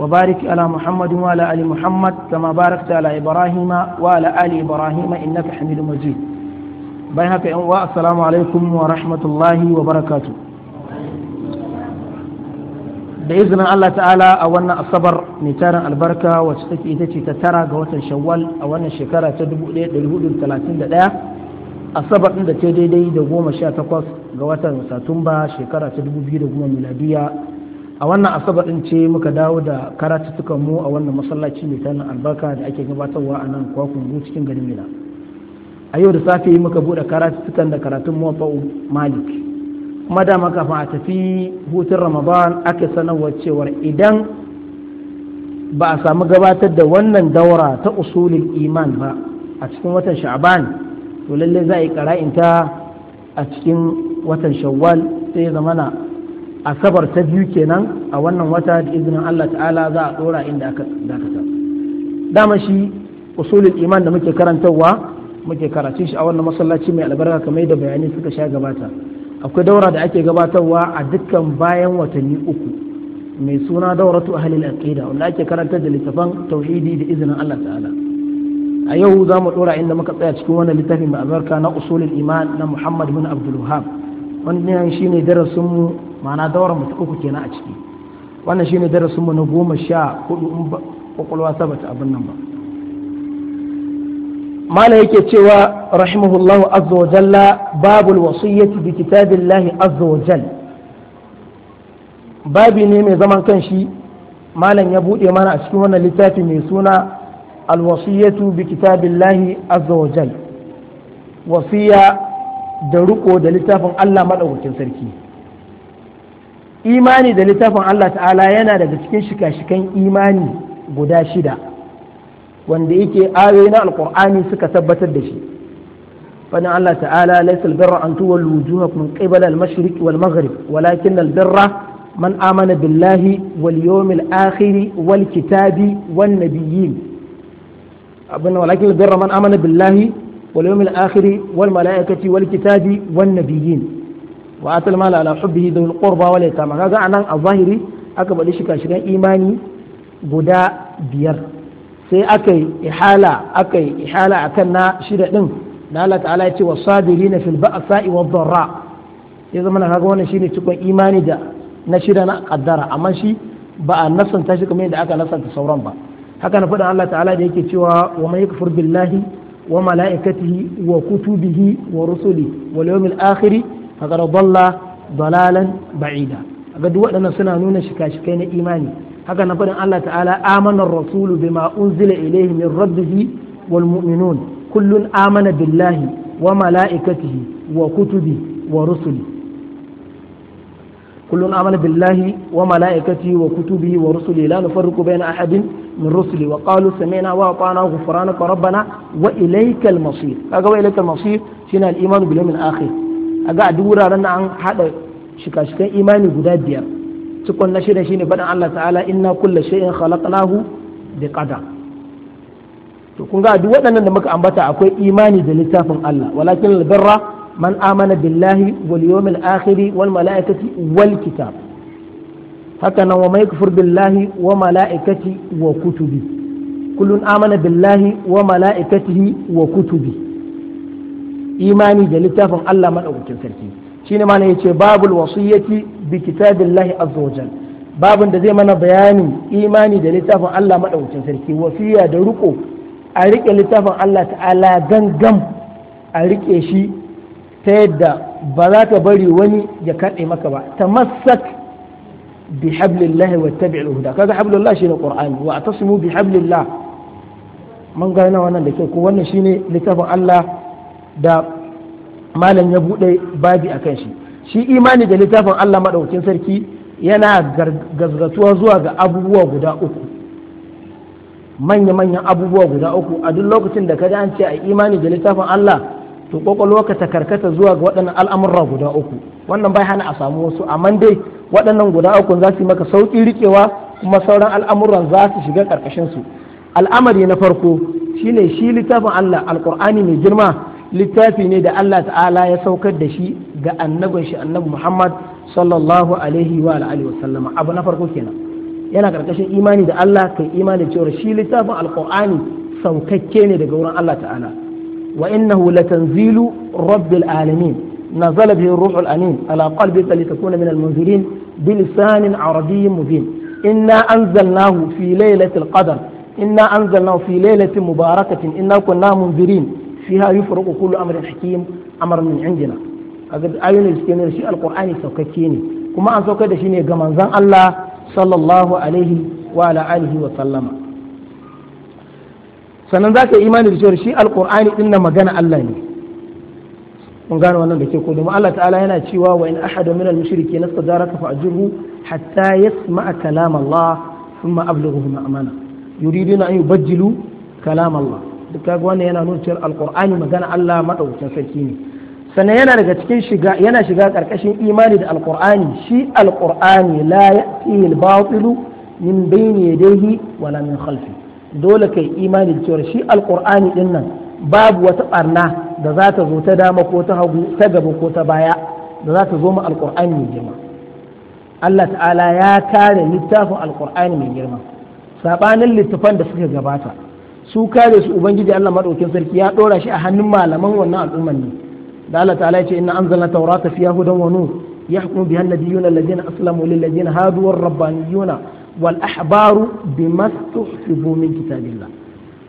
وبارك على محمد وعلى آل محمد كما باركت على إبراهيم وعلى آل إبراهيم إنك حميد مجيد بينك السلام عليكم ورحمة الله وبركاته بإذن الله تعالى أولنا الصبر نتارا البركة وتتكي إتتي تترى قوة شوال أولنا الشكرة تدبو ليه للهود الثلاثين دقيقة الصبر عند تيدي دي دقوم الشاتقوس قوة ساتومبا شكرة تدبو بيه دقوم ميلادية a wannan asabar din ce muka dawo da karatuttukan mu a wannan masallaci mai tarin albarka da ake gabatarwa a nan kwakungu cikin garin mina a yau da safe muka buɗe karatuttukan da karatun muwaffa'u malik kuma maka kafin a tafi hutun ramadan ake sanarwa cewar idan ba a samu gabatar da wannan daura ta usulul iman ba a cikin watan sha'ban to lalle za a yi kara'inta a cikin watan shawwal sai zamana asabar ta biyu kenan a wannan wata da izinin Allah ta'ala za a dora inda aka dakata dama shi usulul iman da muke karantarwa muke karatun shi a wannan masallaci mai albarka kamar da bayanai suka sha gabata akwai daura da ake gabatarwa a dukkan bayan watanni uku mai suna dauratu ahlil aqida wanda ake karantar da littafan tauhidi da izinin Allah ta'ala a yau za mu dora inda muka tsaya cikin wannan littafin mai albarka na usulul iman na Muhammad bin Abdul Wahhab wannan shine darasin mu ma'ana daura mutu uku kenan a ciki wannan shine darasinmu na goma sha hudu in kwakwalwa sabata abin nan ba mala yake cewa rahimahullahu azza wa jalla babul wasiyyati bi kitabillahi azza wa jalla babi ne mai zaman kanshi malam ya bude mana a cikin wannan littafi mai suna alwasiyatu bi kitabillahi azza wa jalla wasiya da riko da littafin Allah madaukakin sarki imani da littafin Allah ta'ala yana daga cikin shika-shikan imani guda shida wanda yake ayoyi na alkur'ani suka tabbatar da shi fadin Allah ta'ala laisa birra an tuwallu wujuhakum qibala al-mashriq wal maghrib walakin albirra man amana billahi wal yawmil akhir wal kitabi wan nabiyyin abin walakin man amana billahi wal yawmil akhir wal malaikati wal kitabi wan nabiyyin wa atal mala ala hubbihi dhul qurba wal yatama kaga anan a zahiri aka bari shi kashigan imani guda biyar sai aka yi ihala aka yi ihala akan na shida din da Allah ta'ala ya ce wasabirina fil ba'sa'i wad dharra ya zama na kaga wannan shine cikon imani da na shida na kaddara amma shi ba a nasanta shi kamar da aka nasanta sauran ba haka na faɗin Allah ta'ala da yake cewa wa man yakfur wa mala'ikatihi wa kutubihi wa rusuli wal yawmil akhir faqad dalla dalalan ba'ida ga duk waɗannan suna nuna shika-shikai na imani haka na faɗin Allah ta'ala amanar rasulu bima unzila ilayhi min rabbihi wal mu'minun kullun amana billahi wa mala'ikatihi wa kutubi wa rusuli kullun amana billahi wa mala'ikatihi wa kutubihi wa rusuli la nufarriqu bayna ahadin min rusuli wa qalu sami'na wa ata'na ghufranaka rabbana wa ilaykal kaga wa ilaykal masir shine iman akhir a ga duk wuraren na an haɗa shika-shikan imani guda biyar cikon na shida shine faɗin Allah ta'ala inna kulla shay'in khalaqnahu da ƙada. to kun ga duk waɗannan da muka ambata akwai imani da littafin Allah walakin albirra man amana billahi wal yawmil akhir wal malaikati wal kitab haka nan wa mai kufur billahi wa malaikati wa kutubi kullun amana billahi wa malaikatihi wa kutubi imani da littafin Allah madaukakin sarki shi ne mana yace babul wasiyyati bi kitabillahi azza wajal babin da zai mana bayanin imani da littafin Allah madaukakin sarki wasiyya da riko a rike littafin Allah ta'ala gangam a rike shi ta yadda ba za ka bari wani ya kaɗe maka ba ta tamassak bi hablillahi wattabi'il huda kaga hablillah shine qur'ani wa atasimu bi hablillah mun gane wannan da kyau ko wannan shine littafin Allah da malam ya buɗe babi a kan shi shi imani da littafin Allah maɗaukin sarki yana gazgatuwa zuwa ga abubuwa guda uku manya-manyan abubuwa guda uku a duk lokacin da kada an ce a imani da littafin Allah to ka ta karkata zuwa ga waɗannan al'amurra guda uku wannan bai hana a samu wasu amma dai waɗannan guda uku za su yi maka sauƙi riƙewa kuma sauran al'amuran za su shiga ƙarƙashin su al'amari na farko shine shi littafin Allah alƙur'ani mai girma littafi ne da Allah ta'ala ya saukar da shi ga annabin shi annabi Muhammad sallallahu alaihi wa alihi abu na farko kenan yana karkashin imani da Allah kai imani cewa shi littafin alqur'ani saukakke ne daga wurin Allah ta'ala wa innahu latanzilu rabbil alamin nazala bihi ruhul amin ala ta litakuna min almunzirin lisanin arabiyyin mubin inna anzalnahu fi lailatul qadr inna anzalnahu fi lailatin mubarakatin inna kunna munzirin fiha yufraqu kullu amrin hakim amr min indina kaga ayoyin da suke nuna shi alqur'ani saukakke ne kuma an saukar da shi ne ga manzon Allah sallallahu alaihi wa alihi wa sallama sannan za ka imani da cewa shi alqur'ani din na magana Allah ne mun gano wannan da ke ko domin Allah ta'ala yana cewa wa in ahadu min al-mushriki ka fa ajirhu hatta yasma'a kalam Allah thumma ablighuhu ma'amana yuriduna an yubajjilu kalam Allah kaga wannan yana nuna cewa alqur'ani magana Allah madaukakin sarki ne sannan yana daga cikin shiga yana shiga karkashin imani da alqur'ani shi alqur'ani la ya'tihi al-batilu min bayni yadayhi wala min khalfi dole kai imani da cewa shi alqur'ani din nan babu wata barna da za ta zo ta dama ko ta hagu ta gaba ko ta baya da za ta zo ma alqur'ani mai girma Allah ta'ala ya kare littafin alqur'ani mai girma sabanin littafan da suka gabata su kare su ubangiji Allah madaukin sarki ya dora shi a hannun malaman wannan al'umman ne da Allah ta'ala ya ce inna anzalna tawrata fiha hudan wa nur yahkumu biha an-nabiyyuna alladhina aslamu lil ladina hadu war rabbaniyuna wal ahbaru bima tuhfizu min kitabillah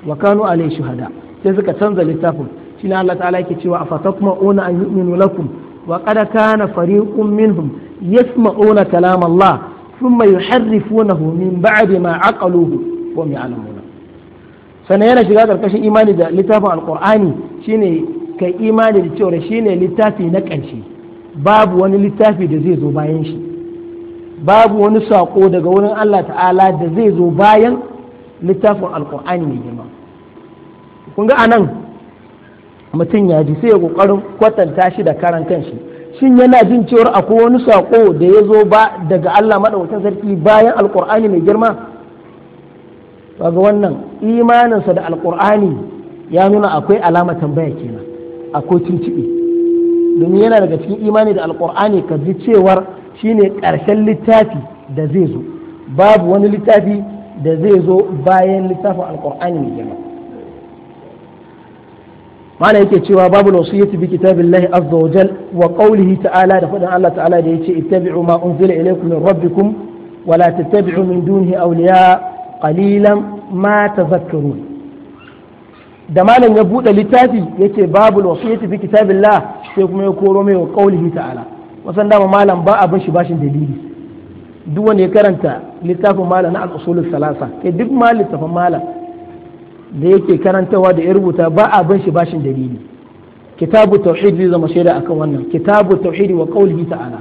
wa kanu alayhi shuhada sai suka canza littafin shine Allah ta'ala yake cewa afatatma'una an yu'minu lakum wa qad kana fariqun minhum yasma'una kalam Allah thumma yuharrifunahu min ba'di ma aqaluhu wa hum sannan yana shiga karkashin imani da littafin alkur'ani shine kai imani da cewa shine littafi na ƙarshe babu wani littafi da zai zo bayan shi babu wani saƙo daga wurin Allah ta'ala da zai zo bayan littafin alkur'ani mai girma kun ga anan mutum ya ji sai ya ƙoƙarin kwatanta shi da karan kanshi shin yana jin cewar akwai wani saƙo da ya zo ba daga Allah madaukakin sarki bayan alkur'ani mai girma kaga wannan imaninsa da alkur'ani ya nuna akwai alama tambaya kenan akwai cincibe domin yana daga cikin imani da alkur'ani ka ji cewar shine ƙarshen littafi da zai zo babu wani littafi da zai zo bayan littafin alkur'ani mai girma ma'ana yake cewa babu wasiyyati bi kitabillahi azza wa jal wa qawlihi ta'ala da faɗin Allah ta'ala da ya ce ittabi'u ma unzila ilaykum min rabbikum wa la tattabi'u min dunihi awliya qalilan ma tazakkarun da malam ya bude littafi yace babul wasiyati fi kitabillah sai kuma ya koro mai wa qaulihi ta'ala wasan dama malam ba abin shi bashin dalili duk wanda ya karanta littafin malam na al-usul salasa kai duk malam littafin malam da yake karantawa da ya rubuta ba abin shi bashin dalili kitabu tauhid zai zama shaida akan wannan kitabu tauhid wa qaulihi ta'ala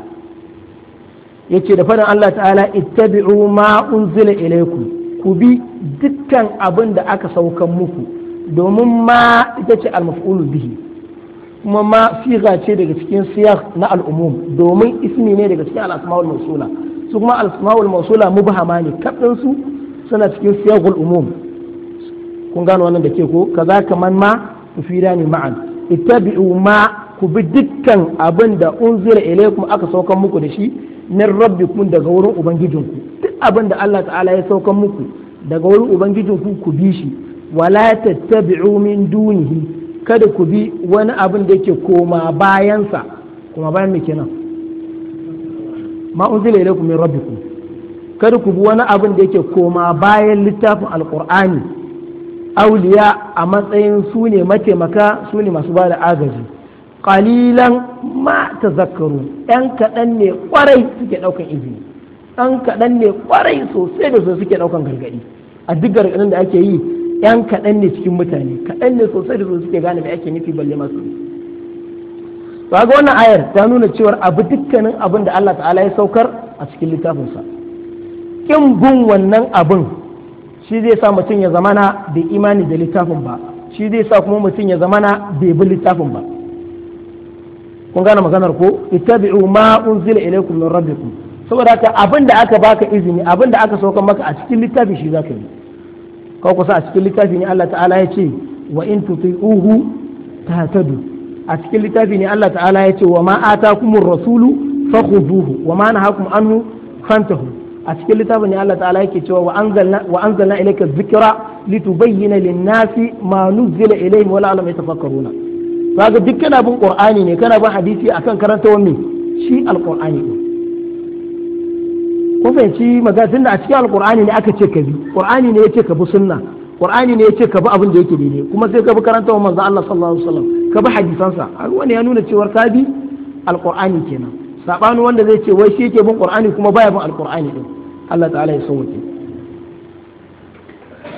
yace da faɗin Allah ta'ala ittabi'u ma unzila ilaykum ku bi dukkan abin da aka saukan muku domin ma ita ce almaf'ulu bihi kuma ma siga ce daga cikin siyar na al'umum domin ismi ne daga cikin al'asma'ul masula su kuma al'asma'ul mausula mubhama ne kaɗin suna cikin siyar umum kun gano wannan da ke ko ka kaza man ma da ne ma'an ita bi'u ma ku bi dukkan abin da unzira kuma aka saukan muku da shi min rabbikum daga wurin ubangijinku duk abin da Allah ta'ala ya sauka muku daga wurin ubangijinku ku bi shi wala tattabi'u min dunihi kada ku bi wani abin da yake koma bayansa kuma bayan me kenan ma unzila ilaykum min rabbikum kada ku bi wani abin da yake koma bayan littafin alqur'ani auliya a matsayin su mataimaka su masu ba da agaji qalilan ma Zakaru yan kaɗan ne kwarai suke ɗaukan izini yan kaɗan ne kwarai sosai da sosai suke ɗaukan gargaɗi a duk gargaɗin da ake yi yan kaɗan ne cikin mutane kaɗan ne sosai da sosai suke gane me ake nufi balle masu to ga wannan ayar ta nuna cewar abu dukkanin abin da Allah ta'ala ya saukar a cikin littafinsa kin bin wannan abin shi zai sa mutum ya zamana bai imani da littafin ba shi zai sa kuma mutum ya zamana bai bi littafin ba kun gane maganar ko ittabi'u ma unzila ilaykum min rabbikum saboda haka abinda aka baka izini abinda aka sauka maka a cikin littafi shi zaka yi ko kusa a cikin littafi ne Allah ta'ala ya ce wa in tuti'uhu tahtadu a cikin littafi ne Allah ta'ala ya ce wa ma atakumur rasulu fakhuduhu wa ma nahakum anhu fantahu a cikin littafin ne Allah ta'ala yake cewa wa anzalna wa anzalna ilayka dhikra litubayyana lin-nasi ma nuzila ilayhim wa la'allahum yatafakkaruna kaga duk kana bin qur'ani ne kana bin hadisi akan karanta wani shi alqur'ani ne ko fahimci magana da a cikin alqur'ani ne aka ce ka bi qur'ani ne yace ka bi sunna qur'ani ne yace ka bi abin da yake daidai kuma sai ka bi karanta manzo Allah sallallahu alaihi wasallam ka bi hadisansa wani ya nuna cewa ka bi alqur'ani kenan sabani wanda zai ce wai shi yake bin qur'ani kuma baya bin alqur'ani din Allah ta'ala ya sauke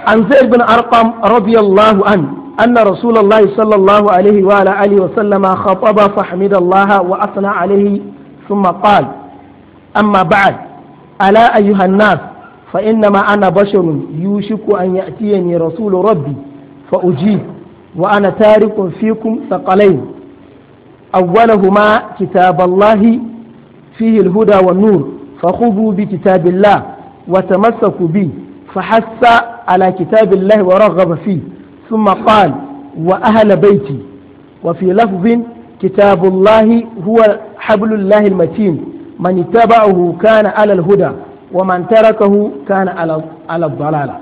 an zaid bin arqam radiyallahu anhu أن رسول الله صلى الله عليه وعلى آله وسلم خطب فحمد الله وأثنى عليه ثم قال أما بعد ألا أيها الناس فإنما أنا بشر يوشك أن يأتيني رسول ربي فأجيب وأنا تارك فيكم ثقلين أولهما كتاب الله فيه الهدى والنور فخذوا بكتاب الله وتمسكوا به فحث على كتاب الله ورغب فيه ثم قال وأهل بيتي وفي لفظ كتاب الله هو حبل الله المتين من اتبعه كان على الهدى ومن تركه كان على الضلالة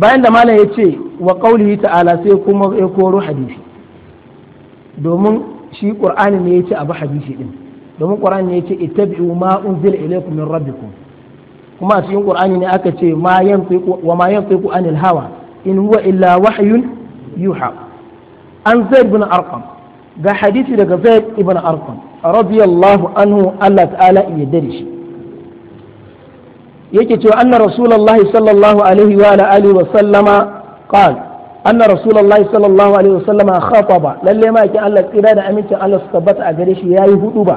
bayan da malam ya ce wa ƙaulihi ta'ala sai kuma ya koro hadisi domin shi ƙur'ani ne ya ce abu hadisi din domin ƙur'ani ne ya ce ittabi'u ma unzila ilaykum min rabbikum kuma a cikin qur'ani ne aka ce ma yantiqu wa ma yantiqu anil hawa in huwa illa wahyun yuha an zaid bin arqam ga hadisi daga zaid ibn arqam radiyallahu anhu Allah ta'ala ya dare shi yake cewa anna rasulullahi sallallahu alaihi wa alihi wa sallama qala anna rasulullahi sallallahu alaihi wa sallama khataba lalle ma yake Allah tsira da amincin Allah su tabbata a gare shi yayi hudu ba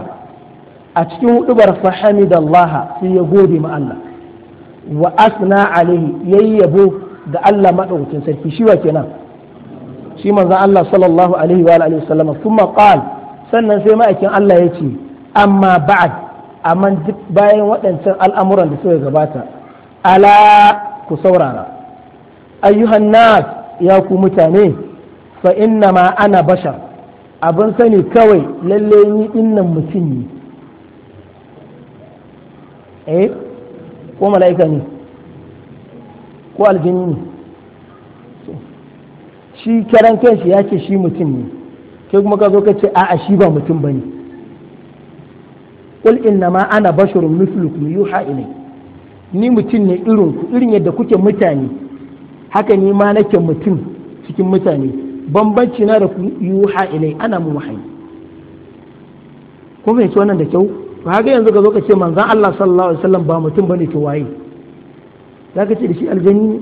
a cikin hudubar fa hamidallaha sai ya gode ma Allah wa asna alaihi yayyabo ga Allah madaukakin sarki shi wa kenan shi manzon Allah sallallahu alaihi wa alihi wasallam kuma qal sannan sai ma'aikin Allah ya ce amma ba'ad amma duk bayan waɗancan al'amuran da suka gabata ala ku saurara ayyuhan nas ya ku mutane fa inna ma ana bashar abin sani kawai lalle ni dinnan mutum ne eh ko mala'ika ne ko aljini ne shi karan kanshi ya ce shi mutum ne kai kuma ka zo ka ce a'a shi ba mutum ba ne qul innama ana basharun mithlukum yuha ilai ni mutum ne irin ku irin yadda kuke mutane haka ni ma nake mutum cikin mutane bambanci na da ku yuha ilai ana mu wahayi ko bai wannan da kyau to haka yanzu ka zo ka ce manzan Allah sallallahu alaihi wasallam ba mutum bane to waye zaka ce da shi aljanni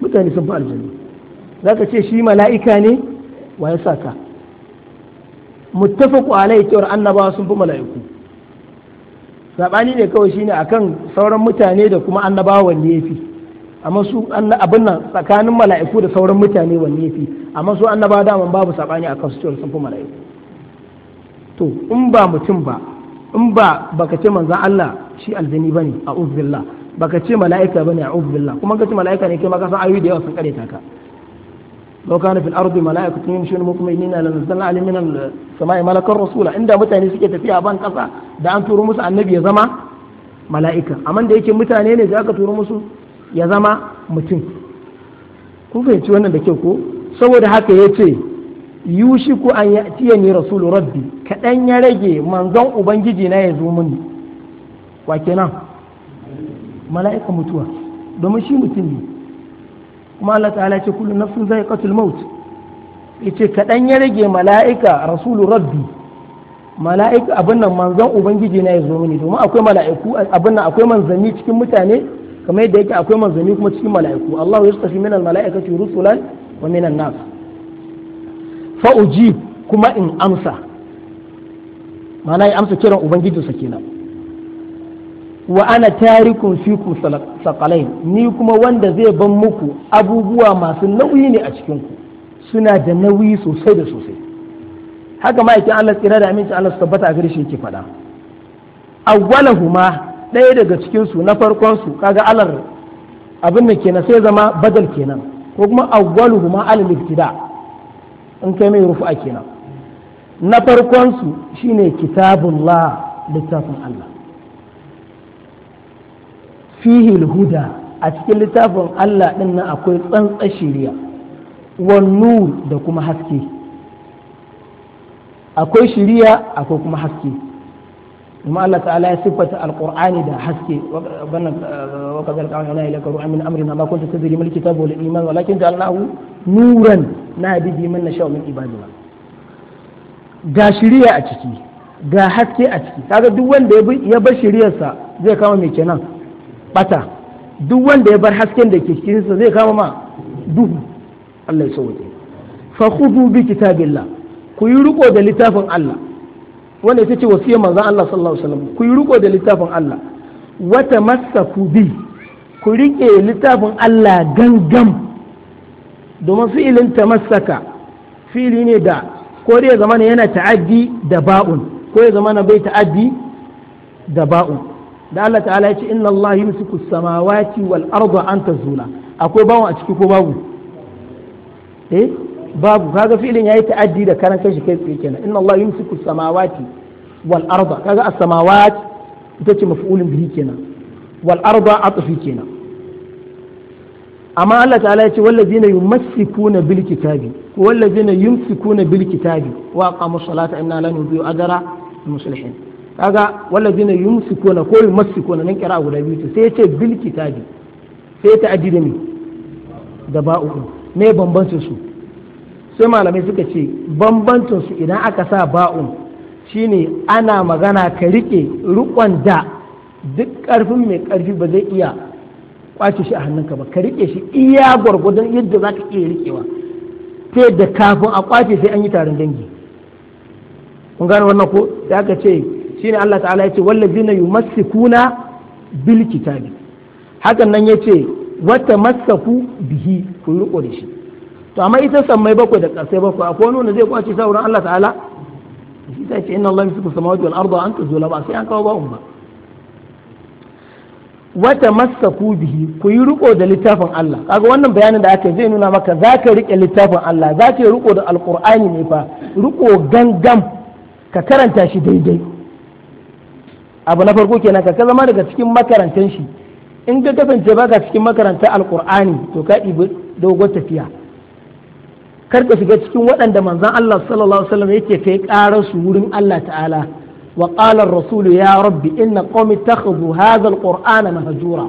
mutane sun fi aljanni zaka ce shi mala'ika ne waye saka muttafaqu alaihi cewar annabawa sun fi mala'iku sabani ne kawai shine akan sauran mutane da kuma annabawa wanne yafi amma su abin nan tsakanin mala'iku da sauran mutane wanne yafi amma su annabawa daman babu sabani akan su cewa sun fi mala'iku to in ba mutum ba in ba baka ce manzan Allah shi aljini bane a uzbillah baka ce mala'ika bane a uzbillah kuma ka ce mala'ika ne kai ma ka san ayoyi da yawa sun kare ka لو كان في الارض ملائكه يمشون nazzalna لنزلنا min as-sama'i ملكا rasula inda mutane suke tafiya ban kasa da an turo musu annabi ya zama mala'ika amma da yake mutane ne da aka turo musu ya zama mutum kun fahimci wannan da kyau ko saboda haka yace yushiku an ni rasul rabbi kaɗan ya rage manzon ubangiji na ya zo mini wa kenan mala'ika mutuwa domin shi mutum ne kuma Allah ta'ala ce kullu nafsin za'iqatul maut yace kaɗan ya rage mala'ika rasul rabbi mala'ika abin nan manzon ubangiji na ya zo mini domin akwai mala'iku abin nan akwai manzanni cikin mutane kamar yadda yake akwai manzanni kuma cikin mala'iku Allah ya tsafi minal mala'ikati rusulan wa minan nas fa'uji kuma in amsa mana ya amsa kiran ubangijinsa kenan wa ana tarikun fiku sakalai ni kuma wanda zai ban muku abubuwa masu nauyi ne a cikinku suna da nauyi sosai da sosai haka ma'aikin Allah tsira da aminci Allah su tabbata a gari shi yake faɗa huma ɗaya daga cikinsu na farkonsu kaga alar abin da kenan sai zama badal kenan ko kuma huma al ibtida' in kai mai rufu'a kenan na farkon su shine kitabullah littafin Allah fihi huda a cikin littafin Allah din nan akwai tsantsar shiriya wan nur da kuma haske akwai shiriya akwai kuma haske kuma Allah ta'ala ya siffata alƙurani da haske wannan wa kadar ka wani ilaka ru'an min amrina ma kunta tadri mal kitabu wal iman walakin ja'alnahu nuran na hadisi man na sha'u min ibadina ga shiriya a ciki ga haske a ciki kaga duk wanda ya bar sa zai kama mai kenan bata duk wanda ya bar hasken da ke cikin sa zai kama ma duhu Allah ya sauke fa khudhu bi kitabillah ku yi riko da littafin Allah wanda ita ce wasiyar manzon Allah sallallahu alaihi wasallam ku yi riko da littafin Allah wata masaku bi ku rike littafin Allah gangam domin fi'ilin tamassaka fi'ili ne da ko ya zama yana ta'addi da ba'un ko ya zama bai ta'addi da ba'un da Allah ta'ala ya ce inna Allah yumsiku samawati wal arda an tazula akwai bawon a ciki ko babu eh babu kaga fi'ilin yayi ta'addi da karan kanshi kai tsaye kenan inna Allah yumsiku samawati wal arda kaga as-samawat ita ce maf'ulun bihi kenan wal arda atfi kenan amma Allah ta'ala ya ce wallazina yumsikuna bil kitabi ko wallazina yumsikuna bil kitabi wa aqamu salata inna la nudhi'u ajra al muslihin kaga wallazina yumsikuna ko yumsikuna nan kira guda biyu sai ya ce bil kitabi sai ta addida me da uku me bambancin su sai malamai suka ce bambancin su idan aka sa ba'un shine ana magana ka rike rukon da duk karfin mai karfi ba zai iya kwace shi a hannunka ba ka rike shi iya gwargwadon yadda za ka iya rikewa ta yadda kafin a kwace sai an yi taron dangi kun gane wannan ko da aka ce shi ne Allah ta'ala ya ce na yumassikuna bil kitabi hakan nan ya ce wata masaku bihi ku riko da shi to amma ita sammai bakwai da ƙasai bakwai akwai wani wanda zai kwace sauran Allah ta'ala shi ta ce inna Allah yamsiku samawati wal arba an zo ba sai an kawo ba umma wata ku bihi ku yi riko da littafin Allah kaga wannan bayanin da aka zai nuna maka za ka riƙe littafin Allah za ka yi riko da alƙur'ani ne fa riko gangam ka karanta shi daidai abu na farko kenan ka zama daga cikin makarantan shi in ka kasance baka cikin makarantar alƙur'ani to ka ɗibi dogon tafiya kar ka shiga cikin waɗanda manzon Allah sallallahu alaihi wasallam yake kai ƙarar su wurin Allah ta'ala وقال الرسول يا رب إن قوم اتخذوا هذا القرآن مهجورا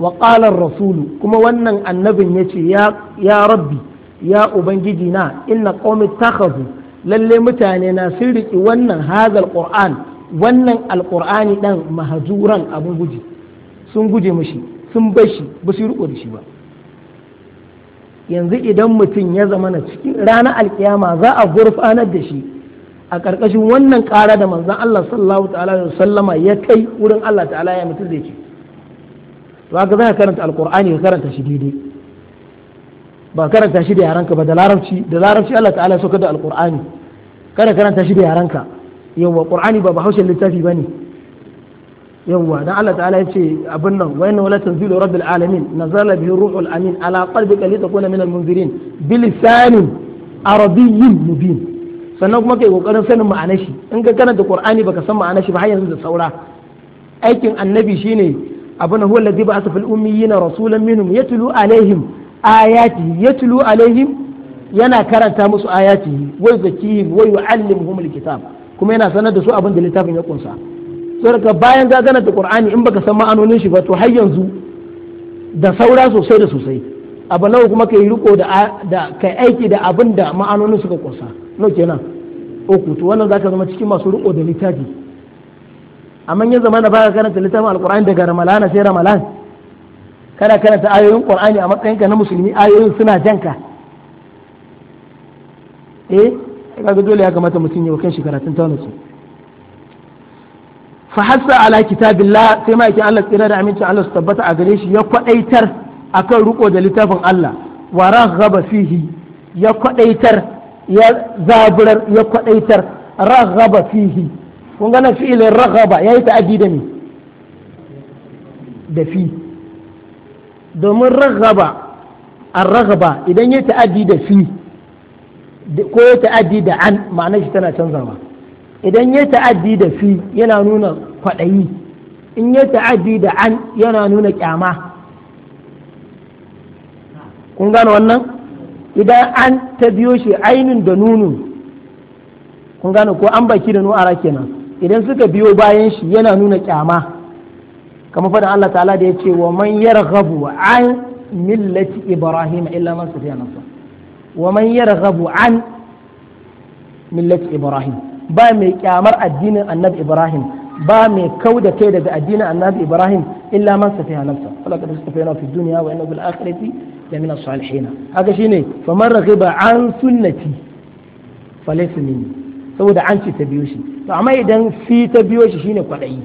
وقال الرسول كما ونن النبي يتي يا, يا ربي يا أبنجدنا إن قوم اتخذوا للي متانينا سرق ونن هذا القرآن ونن القرآن دن مهجورا أبو جي سنجي مشي سنبشي بصير أدشي بقى yanzu idan mutum ya zama na cikin ranar alkiyama za a gurfanar da shi a ƙarƙashin wannan ƙara da manzan Allah sallallahu ta'ala da sallama ya kai wurin Allah ta'ala ya mutum zai ce to haka za ka karanta alƙur'ani ka karanta shi daidai ba karanta shi da yaranka ba da larabci da larabci Allah ta'ala ya saukar da alƙur'ani kada karanta shi da yaranka yawwa ƙur'ani ba bahaushen littafi ba ne yawwa dan Allah ta'ala ya ce abin nan wa inna wala tanzilu rabbil alamin nazala bihi ruhul amin ala qalbika litakuna minal munzirin bilisanin arabiyyin mubin sannan kuma kai kokarin sanin ma'anar shi in ka karanta qur'ani baka san ma'anar shi ba har yanzu da saura aikin annabi shine abuna huwa alladhi ba'atha fil ummiyina rasulan minhum yatlu alaihim ayati yatlu alaihim yana karanta musu ayati wa yuzakihim wa yu'allimuhum alkitab kuma yana sanar da su abin da littafin ya kunsa saboda bayan ka karanta qur'ani in baka san ma'anonin shi ba to har yanzu da saura sosai da sosai abu nawa kuma yi riko da ka aiki da abin da ma'anonin suka kusa, no kenan uku to wannan zaka zama cikin masu riko da littafi amma manyan zama da baka karanta littafin alqur'ani daga ramalana sai ramalan kana karanta ayoyin qur'ani a matsayinka na musulmi ayoyin suna janka eh kaga dole ya kamata mutum ya kai shi karatun tawassul fa hasa ala kitabillah sai ma yake Allah tsira da aminci Allah su tabbata a gare shi ya kwadaitar akan riko da littafin Allah wa raghaba fihi ya kwadaitar ya zaburar ya kwadaitar raghaba fihi kun ga na fi'ilin raghaba yayi ta'adi da ni da fi domin raghaba ar-raghaba idan ya ta'addi da fi ko ya ta'addi da an ma'anar shi tana canzawa idan ya ta'addi da fi yana nuna kwaɗayi in ya ta'addi da an yana nuna kyama kun gane wannan idan an ta biyo shi ainun da nunun kun gane ko an baki da nu'ara kenan idan suka biyo bayan shi yana nuna kyama kamar faɗin Allah ta'ala da ya ce wa man yarghabu an millati ibrahim illa man sufiya nafsa wa man yarghabu an millati ibrahim ba mai kyamar addinin annabi ibrahim ba mai kau da kai daga addinin annabi ibrahim illa man safiha nafsa falaka da suka fayana fi duniya wa innahu bil akhirati la min as-salihin haka shine fa man raghiba an sunnati falaysa minni saboda an ce ta shi to amma idan fi ta shi shine kwadayi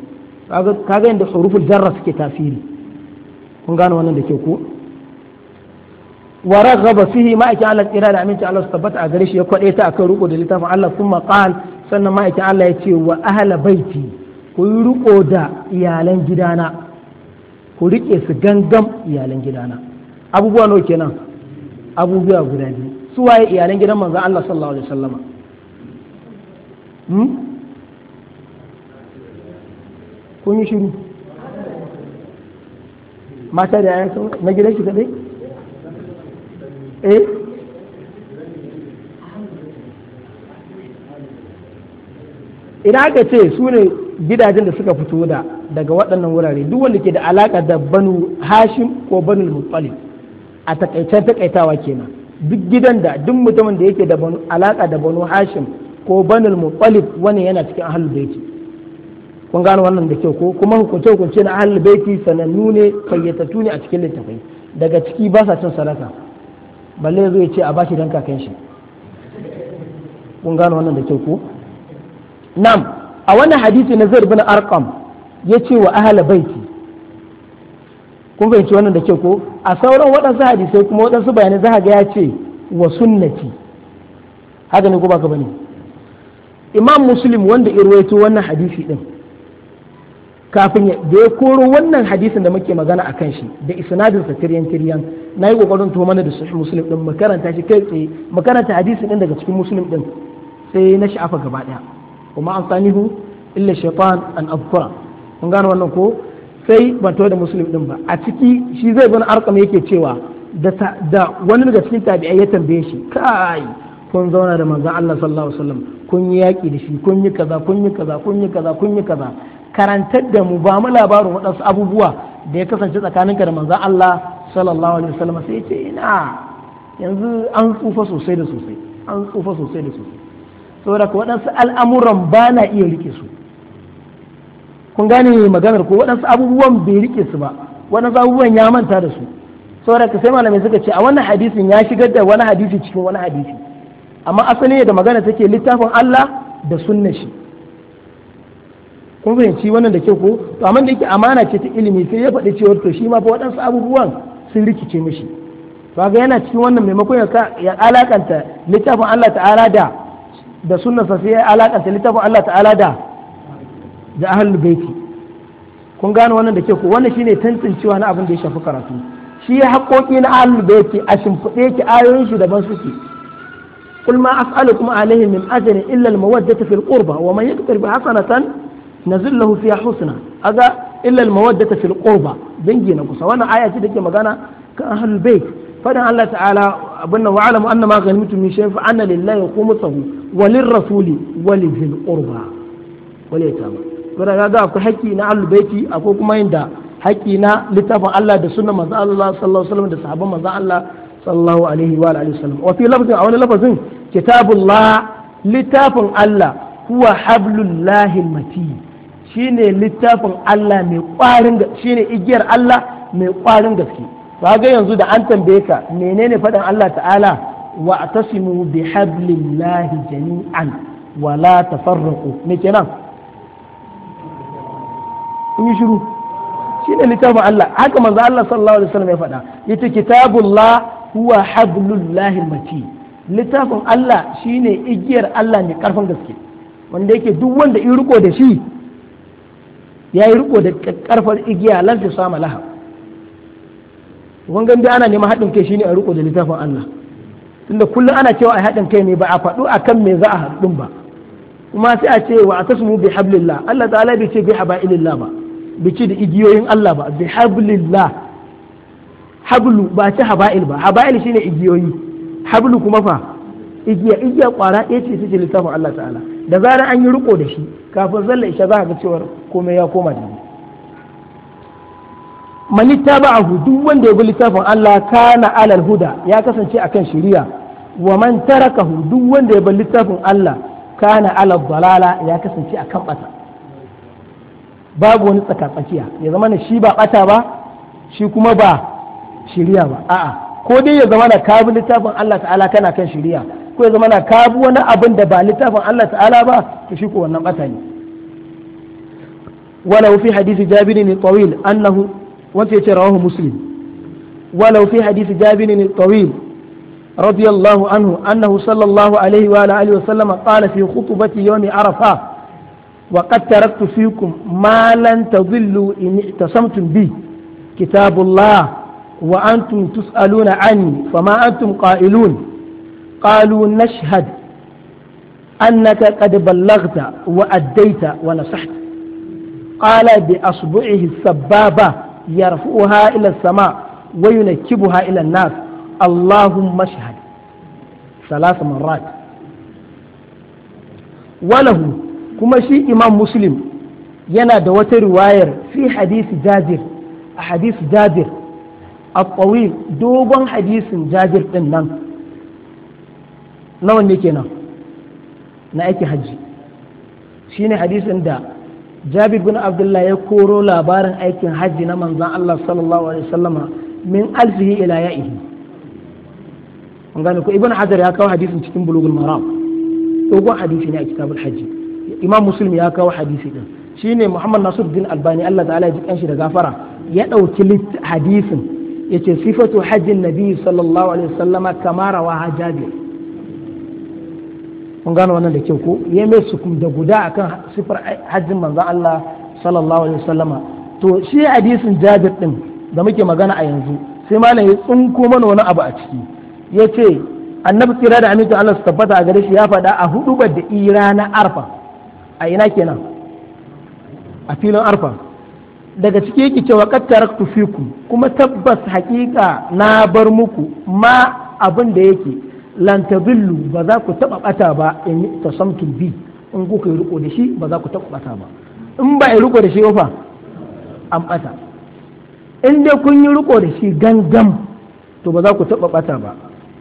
kaga kaga inda huruful jarra suke tasiri kun gane wannan da ke ko wa raghaba fihi ma'aikin Allah tsira da aminci Allah su tabbata a gare shi ya kwadaita akan ruko da littafin Allah kuma qal sannan ma'aikin Allah ya ce wa ahla baiti ku yi riƙo da iyalan gidana ku riƙe su gangam iyalan gidana abubuwa nawa kenan abubuwa guda biyu su waye iyalan gidan manzon Allah sallallahu alaihi wasallama hmm? kun yi shiru mata da yayan na gidan shi kadai eh idan aka ce su ne gidajen da suka fito da daga waɗannan wurare duk wanda ke da alaka da banu hashim ko banu muttalib a takaicen takaitawa kenan duk gidan da duk mutumin da yake da alaka da banu hashim ko banu muttalib wani yana cikin ahlul baiti kun gano wannan da kyau ko kuma hukunce hukunce na ahlul baiti sanannu ne fayyatattu ne a cikin littafai daga ciki ba sa cin sadaka balle zai ce a bashi dan kakan shi kun gano wannan da kyau ko na'am a wannan hadisi na zai na arkam ya ce wa ahala baiti kun fahimci wannan da ke ko a sauran waɗansu hadisai kuma waɗansu bayanai za ga ya ce wa sunnati haka ne ko baka bane imam muslim wanda irwaito wannan hadisi din kafin ya ya koro wannan hadisin da muke magana a kan shi da isnadin sa tiryan tiryan nayi kokarin to mana da sahih muslim din makaranta shi kai tsaye makaranta hadisin din daga cikin muslim din sai na sha'afa gaba ɗaya. kuma an sanihu illa shaitan an abkura kun gane wannan ko sai ban da musulmi din ba a ciki shi zai bin arkam yake cewa da wani daga cikin tabi'ai ya tambaye shi kai kun zauna da manzon Allah sallallahu alaihi wasallam kun yi yaki da shi kun yi kaza kun yi kaza kun yi kaza kun yi kaza karantar da mu ba mu labarin waɗansu abubuwa da ya kasance tsakaninka da manzon Allah sallallahu alaihi wasallam sai ce ina yanzu an tsufa sosai da sosai an tsufa sosai da sosai saboda waɗansu al'amuran ba na iya rike su kun gane maganar ko waɗansu abubuwan bai rike su ba waɗansu abubuwan ya manta da su saboda ka sai malamai suka ce a wannan hadisin ya shigar da wani hadisi cikin wani hadisi amma asali da magana take littafin Allah da sunna shi kun fahimci wannan da kyau ko to amma da yake amana ce ta ilimi sai ya faɗi cewa to shi ma fa waɗansu abubuwan sun rikice mishi to ga yana cikin wannan maimakon ya alakanta littafin Allah ta'ala da da sunansa sai ya alakanta littafin Allah ta'ala da da ahlul baiti kun gane wannan da ke ku wannan shine tantancewa na abin da ya shafi karatu shi ya haƙoƙi na ahlul baiti a shimfiɗe ki ayoyin shi daban suke kul ma as'alukum alaihi min ajri illa al mawaddata fil qurba wa man yaktar bi hasanatan nazillahu fiha husna aga illa al mawaddata fil qurba dangi na kusa wannan aya ce dake magana kan ahlul bait fadan Allah ta'ala abin nan wa'alamu anna ma ghanimtum min shay'in fa anna lillahi khumsahu wa lirrasuli wa lizil qurba wal yatama to da ga akwai haƙƙi na ahlul baiti akwai kuma yanda haƙƙi na littafin Allah da sunnar manzo Allah sallallahu alaihi wasallam da sahabban manzo Allah sallallahu alaihi wa alihi wasallam wa fi lafzin a wani lafazin kitabullah littafin Allah huwa hablullahi mati shine littafin Allah mai kwarin shine igiyar Allah mai ƙwarin gaske kaga yanzu da an tambaye ka menene faɗin Allah ta'ala wa atasimu bi hablillahi jami'an wa la tafarraqu me kenan in yi shiru shine littafin Allah haka manzo Allah sallallahu alaihi wasallam ya faɗa yace kitabullah huwa hablullahi mati littafin Allah shine igiyar Allah mai karfin gaske wanda yake duk wanda in riko da shi ya yi riko da karfar igiya lan sama lahab kun ga ana neman haɗin kai shine a riko da littafin Allah tunda kullum ana cewa a haɗin kai ne ba a faɗo akan me za a haɗin ba kuma sai a ce wa atasmu bi hablillah Allah ta'ala bai ce bi habailillah ba bai ce da igiyoyin Allah ba bi hablillah hablu ba ce habail ba habail shine igiyoyi hablu kuma fa igiya igiya kwara ɗaya ce take littafin Allah ta'ala da zarar an yi riko da shi kafin zalla isha za ka ga cewa komai ya koma da man ittaba'ahu duk wanda ya bi littafin Allah kana alal huda ya kasance akan shari'a wa man tarakahu duk wanda ya bi littafin Allah kana alal dalala ya kasance akan bata babu wani tsakatsakiya ya zama na shi ba bata ba shi kuma ba shari'a ba a'a ko dai ya zama na ka bi littafin Allah ta'ala kana kan shari'a ko ya zama na ka bi wani abin da ba littafin Allah ta'ala ba to shi ko wannan bata ne ولو في hadisi جابر tawil annahu wanda yace مسلم ولو في حديث جابر الطويل رضي الله عنه أنه صلى الله عليه وآله وسلم قال في خطبة يوم عرفة وقد تركت فيكم ما لن تضلوا إن اعتصمتم به كتاب الله وأنتم تسألون عني فما أنتم قائلون قالوا نشهد أنك قد بلغت وأديت ونصحت قال بأصبعه السبابة yarfuha ila sama wa yunkibuha ila nas Allahu shahad salas marrat walahu kuma shi imam muslim yana da wata riwayar fi hadisi jajir a hadisi jajir a dogon hadisin jabir ɗinnan. nan nawa ne kenan na aiki hajji shine hadisin da jabir bin abdullah ya koro labarin aikin hajji na manzan Allah sallallahu alaihi wasallama min alfihi ila ya'ihi an gane ko ibn hajar ya kawo hadisin cikin bulugul maram dogon hadisi ne a kitabul hajji imam muslim ya kawo hadisi din shine muhammad nasiruddin albani Allah ta'ala ya ji kanshi da gafara ya dauki hadisin yace sifatu hajjin nabi sallallahu alaihi wasallama kama rawa jabir kun gano wannan da kyau ko ya mai sukun da guda akan sifar hajjin manzon Allah sallallahu alaihi wasallama to shi hadisin jajir din da muke magana a yanzu sai malam ya tsinko mana wani abu a ciki Ya yace annabi tsira da amincin Allah su tabbata a gare shi ya faɗa a hudu da ira na arfa a ina kenan a filin arfa daga ciki yake cewa qad taraktu ku kuma tabbas haƙiƙa na bar muku ma abin da yake lan tadillu ba za ku taba bata ba in tasamtum bi in kuka yi riko da shi ba za ku taba bata ba in ba yi riko da shi fa an bata in dai kun yi riko da shi gangam to ba za ku taba bata ba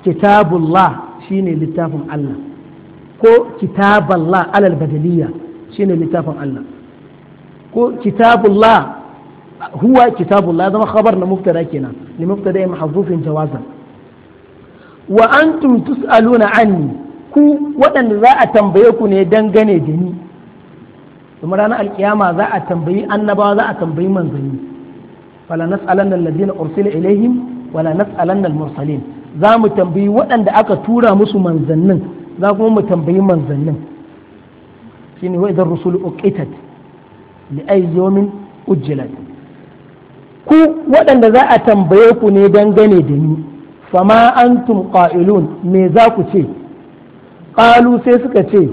kitabullah shine littafin Allah ko kitaballah alal badaliya shine littafin Allah ko kitabullah huwa kitabullah zama khabar na mubtada kenan li mubtada mahdhufin jawazan wa antum tus'aluna anni ku waɗanda za a tambaye ku ne dangane da ni kuma ranar alkiyama za a tambayi annabawa za a tambayi manzanni fala nas'alanna alladhina ursila ilaihim wala nas'alanna al-mursalin za mu tambayi waɗanda aka tura musu manzannin za kuma mu tambayi manzannin shine wa idan rusul uqitat li ay ujjilat ku waɗanda za a tambaye ku ne dangane da ni fama an tumƙailun me za ku ce ƙalu sai suka ce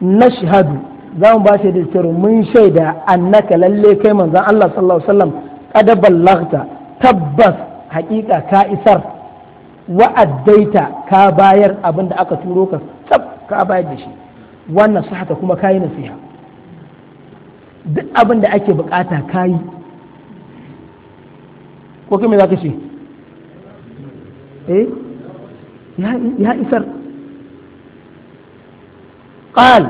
nashhadu za mu ba shi da cewa mun shaida annaka lalle kai manzon Allah sallallahu alaihi wasallam qad tabbas haƙiƙa ka isar wa'adaita ka bayar abinda aka turo ka tab ka bayar da shi wannan sahata kuma kayi nasiha duk abinda ake bukata kayi ko kai me ka ce ya isar qal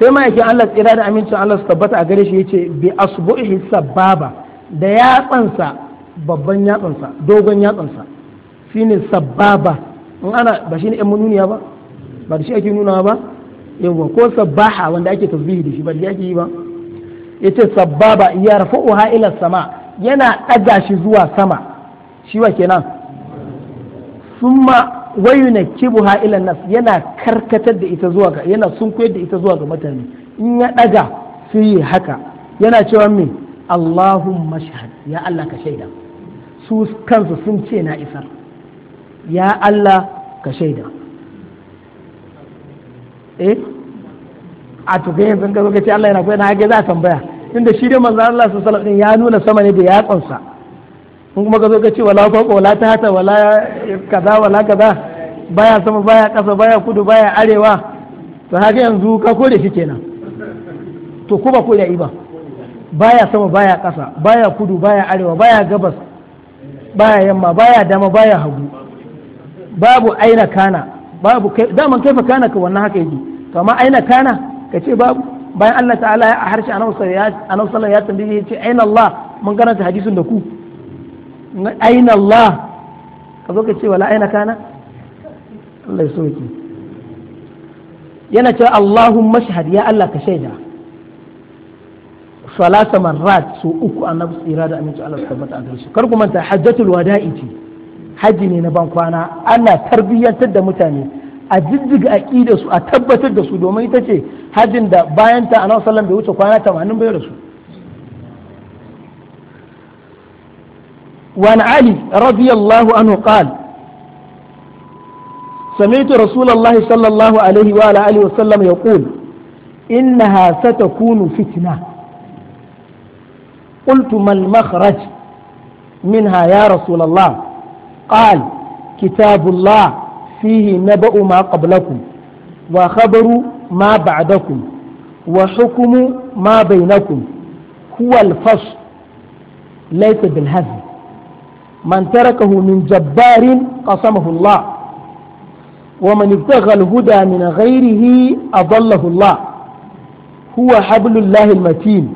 sai ma yake Allah tsira da amincin Allah su tabbata a gare shi yace bi asbuhi sababa da yatsansa babban yatsansa dogon yatsansa shine sababa in ana ba shine ɗan mununiya ba ba da shi ake nuna ba yawa ko sabaha wanda ake tasbihi da shi ba da ake yi ba yace sababa ya rafa'uha ila sama yana ɗaga shi zuwa sama shi wa kenan summa wayuna kibuha ila nas yana karkatar da ita zuwa ga yana sunkuyar da ita zuwa ga mutane in ya daga sai haka yana cewa min Allahumma shahad ya Allah ka shaida su kansu sun ce na isar ya Allah ka shaida eh a tuka yanzu ka zo ka ce Allah yana kwaya na hage za a tambaya inda shi dai manzo Allah sallallahu alaihi wasallam ya nuna sama ne da yatsansa in kuma ka zo ka ce wala kwakwa wala hata wala kaza wala kaza baya sama baya kasa baya kudu baya arewa to haka yanzu ka kore shi kenan to ku ba kore ba baya sama baya kasa baya kudu baya arewa baya gabas baya yamma baya dama baya hagu babu aina kana babu daman kaifa kana ka wannan haka yake amma aina kana ka ce babu bayan Allah ta'ala a harshe a sallallahu alaihi wasallam ya tambaye ya ce aina Allah mun karanta hadisin da ku aina Allah ka zo ka ce wala aina kana Allah ya soke yana cewa Allahumma shahad ya Allah ka shaida salasa marrat su uku a annabi tsira da aminci Allah tabbata a gare kar ku manta hajjatul wada'i ce haji ne na bankwana ana tarbiyyantar da mutane a jijjiga aqida su a tabbatar da su domin ita ce hajjin da bayan ta annabi sallallahu alaihi wasallam bai wuce kwana 80 bai rasu وعن علي رضي الله عنه قال سمعت رسول الله صلى الله عليه وعلى آله وسلم يقول إنها ستكون فتنة قلت ما المخرج منها يا رسول الله قال كتاب الله فيه نبأ ما قبلكم وخبر ما بعدكم وحكم ما بينكم هو الفصل ليس بالهزل من تركه من جبار قسمه الله ومن ابتغى الهدى من غيره أضله الله هو حبل الله المتين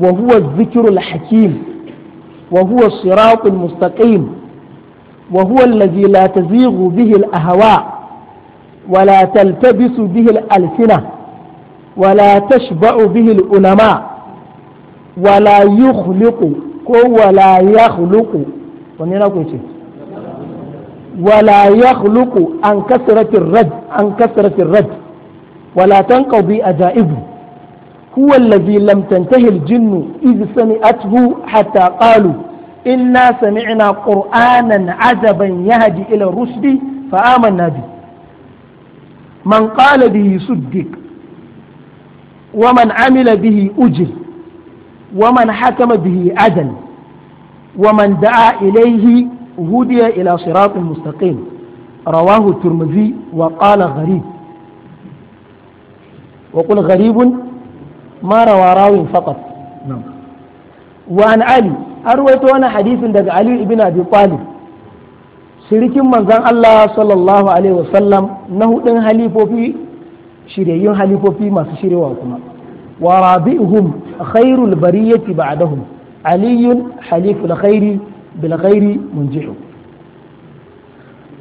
وهو الذكر الحكيم وهو الصراط المستقيم وهو الذي لا تزيغ به الأهواء ولا تلتبس به الألسنة ولا تشبع به العلماء ولا يخلق ولا يخلق wanne wala yakhluqu an kasratir rad an kasratir rad wala tanqadi ajaibu huwa alladhi lam tantahi al-jinnu idh sami'athu hatta qalu inna sami'na qur'anan ajaban yahdi ila rusdi fa amanna bi man qala bihi suddiq wa man amila bihi ujil wa man hakama bihi adal ومن دعا إليه هدي إلى صراط مستقيم رواه الترمذي وقال غريب وقل غريب ما روى راو فقط نعم وعن علي أرويت أنا حديث دق علي بن أبي طالب سيركم من ذن الله صلى الله عليه وسلم نهو هليفو في شريين هليفو في ما سشري وكما ورابئهم خير البرية بعدهم علي حليف الخير بالخير منجح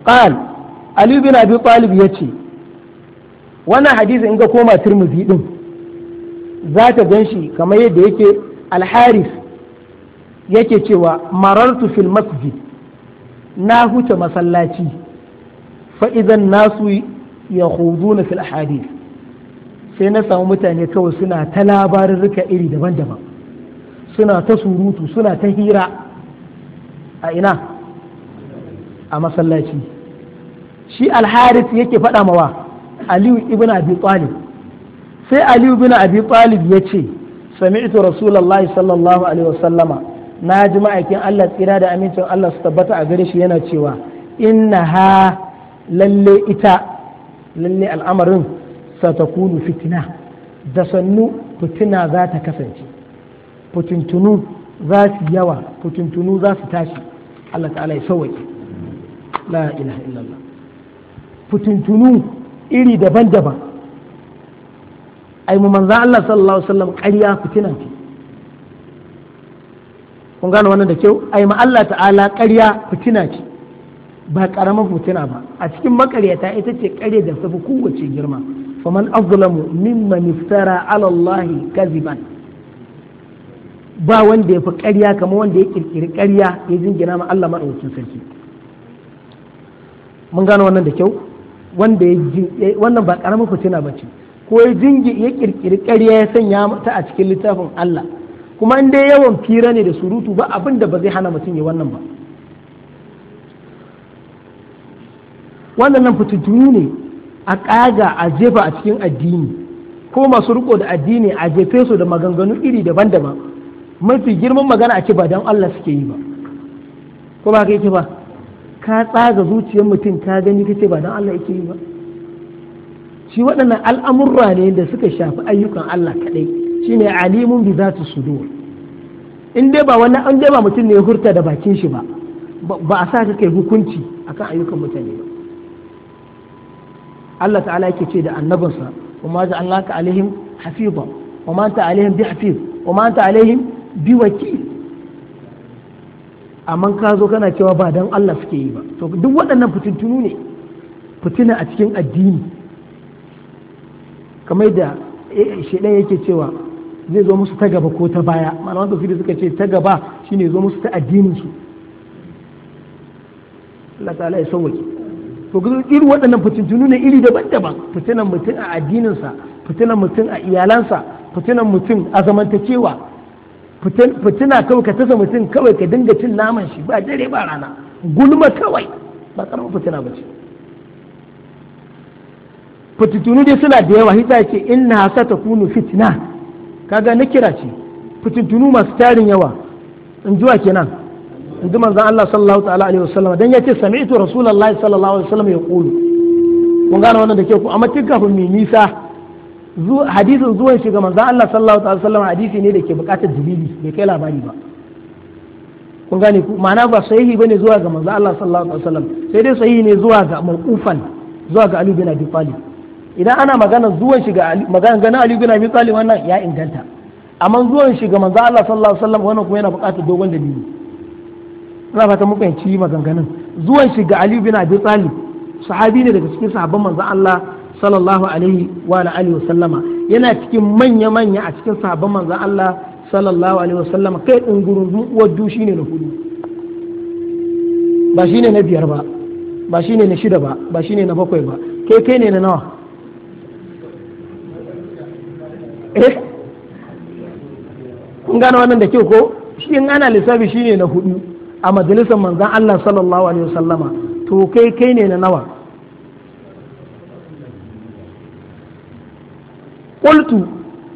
قال علي بن أبي طالب يتي وانا حديث إنك كوما ترمذي دم ذات جنشي كما يديك الحارث yake cewa marartu fil masjid na huce masallaci fa'izan nasu ya huduna fil ahadith sai na samu mutane kawai suna ta labarin rika iri daban-daban suna ta surutu suna ta hira a ina a masallaci shi alharis yake faɗa mawa aliyu ibn abi talib sai aliyu ibn abi talib ya ce sami'tu rasulullahi sallallahu alaihi wasallama na ji ma'aikin Allah tsira da amincin Allah su tabbata a gare shi yana cewa inna ha lalle ita lalle al'amarin satakunu fitina da sannu fitina za ta kasance fitintunu za su yawa fitintunu za su tashi Allah ta'ala ya sauwaƙe la ilaha illallah fitintunu iri daban-daban ai mu manzan Allah sallallahu alaihi wasallam ƙarya fitina ce kun gano wannan da kyau ai ma Allah ta'ala ƙarya fitina ce ba ƙaramar fitina ba a cikin makaryata ita ce ƙarya da tafi kowace girma faman azlamu mimman iftara ala Allah kaziban ba wanda ya fi ƙarya kama wanda ya ƙirƙiri ƙarya ya jingina ma Allah maɗaukin sarki mun gano wannan da kyau wannan ba ƙaramin fitina ba ce ko ya jingi ya ƙirƙiri ƙarya ya sanya ta a cikin littafin Allah kuma in dai yawan fira ne da surutu ba abin da ba zai hana mutum ya wannan ba wannan nan fitintunu ne a ƙaga a jefa a cikin addini ko masu riko da addini a jefe su da maganganu iri daban-daban mafi girman magana a ba don Allah suke yi ba ko ba ka yi ba ka tsaga zuciyar mutum ka gani ka ce ba don Allah yake yi ba shi waɗannan al'amurra ne da suka shafi ayyukan Allah kaɗai shine alimun bi su sudur in dai ba wani an dai ba mutum ne ya hurta da bakin shi ba ba a sa kai hukunci akan ayyukan mutane ba Allah ta'ala yake ce da annabinsa wa ma ja'alnaka alaihim hafiza wa ma anta alaihim bihafiz wa ma anta alaihim biwaki amma ka zo kana cewa ba dan Allah suke yi ba to duk waɗannan fitintunu ne fitina a cikin addini kamar da shaidan yake cewa zai zo musu ta gaba ko ta baya malaman tafsiri suka ce ta gaba shine zo musu ta addinin su Allah ta'ala ya sauwaki to irin waɗannan fitintunu ne iri daban-daban fitinan mutum a addininsa fitinan mutum a iyalansa fitinan mutum a zamantakewa fitina kawai ka tasa mutum kawai ka dinga cin naman shi ba dare ba rana gulma kawai ba karamin fitina ba ce fititunu dai suna da yawa hita ce ina hasa ta kunu fitina kaga na kira ce fititunu masu tarin yawa in jiwa kenan in ji manzon Allah sallallahu ta'ala alaihi wasallam dan yace sami'tu rasulullahi sallallahu alaihi wasallam ya kulu kun gane wannan da ke ku amma tun kafin mai nisa hadisin zuwan shiga manzan Allah sallallahu alaihi wasallam hadisi ne da ke bukatar dalili bai kai labari ba kun gane ku ma'ana ba sahihi bane zuwa ga manzan Allah sallallahu alaihi wasallam sai dai sahihi ne zuwa ga marqufan zuwa ga Ali bin Abi Talib idan ana magana zuwan shiga magana ganin Ali bin Abi Talib wannan ya inganta amma zuwan shiga manzan Allah sallallahu alaihi wasallam wannan kuma yana bukatar dogon dalili ina fata mun fahimci maganganun zuwan shiga Ali bin Abi Talib sahabi ne daga cikin sahabban manzan Allah sallallahu alaihi wa alihi wa sallama yana cikin manya manya a cikin sahabban manzon Allah sallallahu alaihi wa sallama kai dungurun uwar du shine na hudu ba shine na biyar ba ba shine na shida ba ba shine na bakwai ba kai kai ne na nawa eh kun gano wannan da kyau ko shi in ana lissafi shine na hudu a majalisar manzon Allah sallallahu alaihi wa sallama to kai kai ne na nawa qultu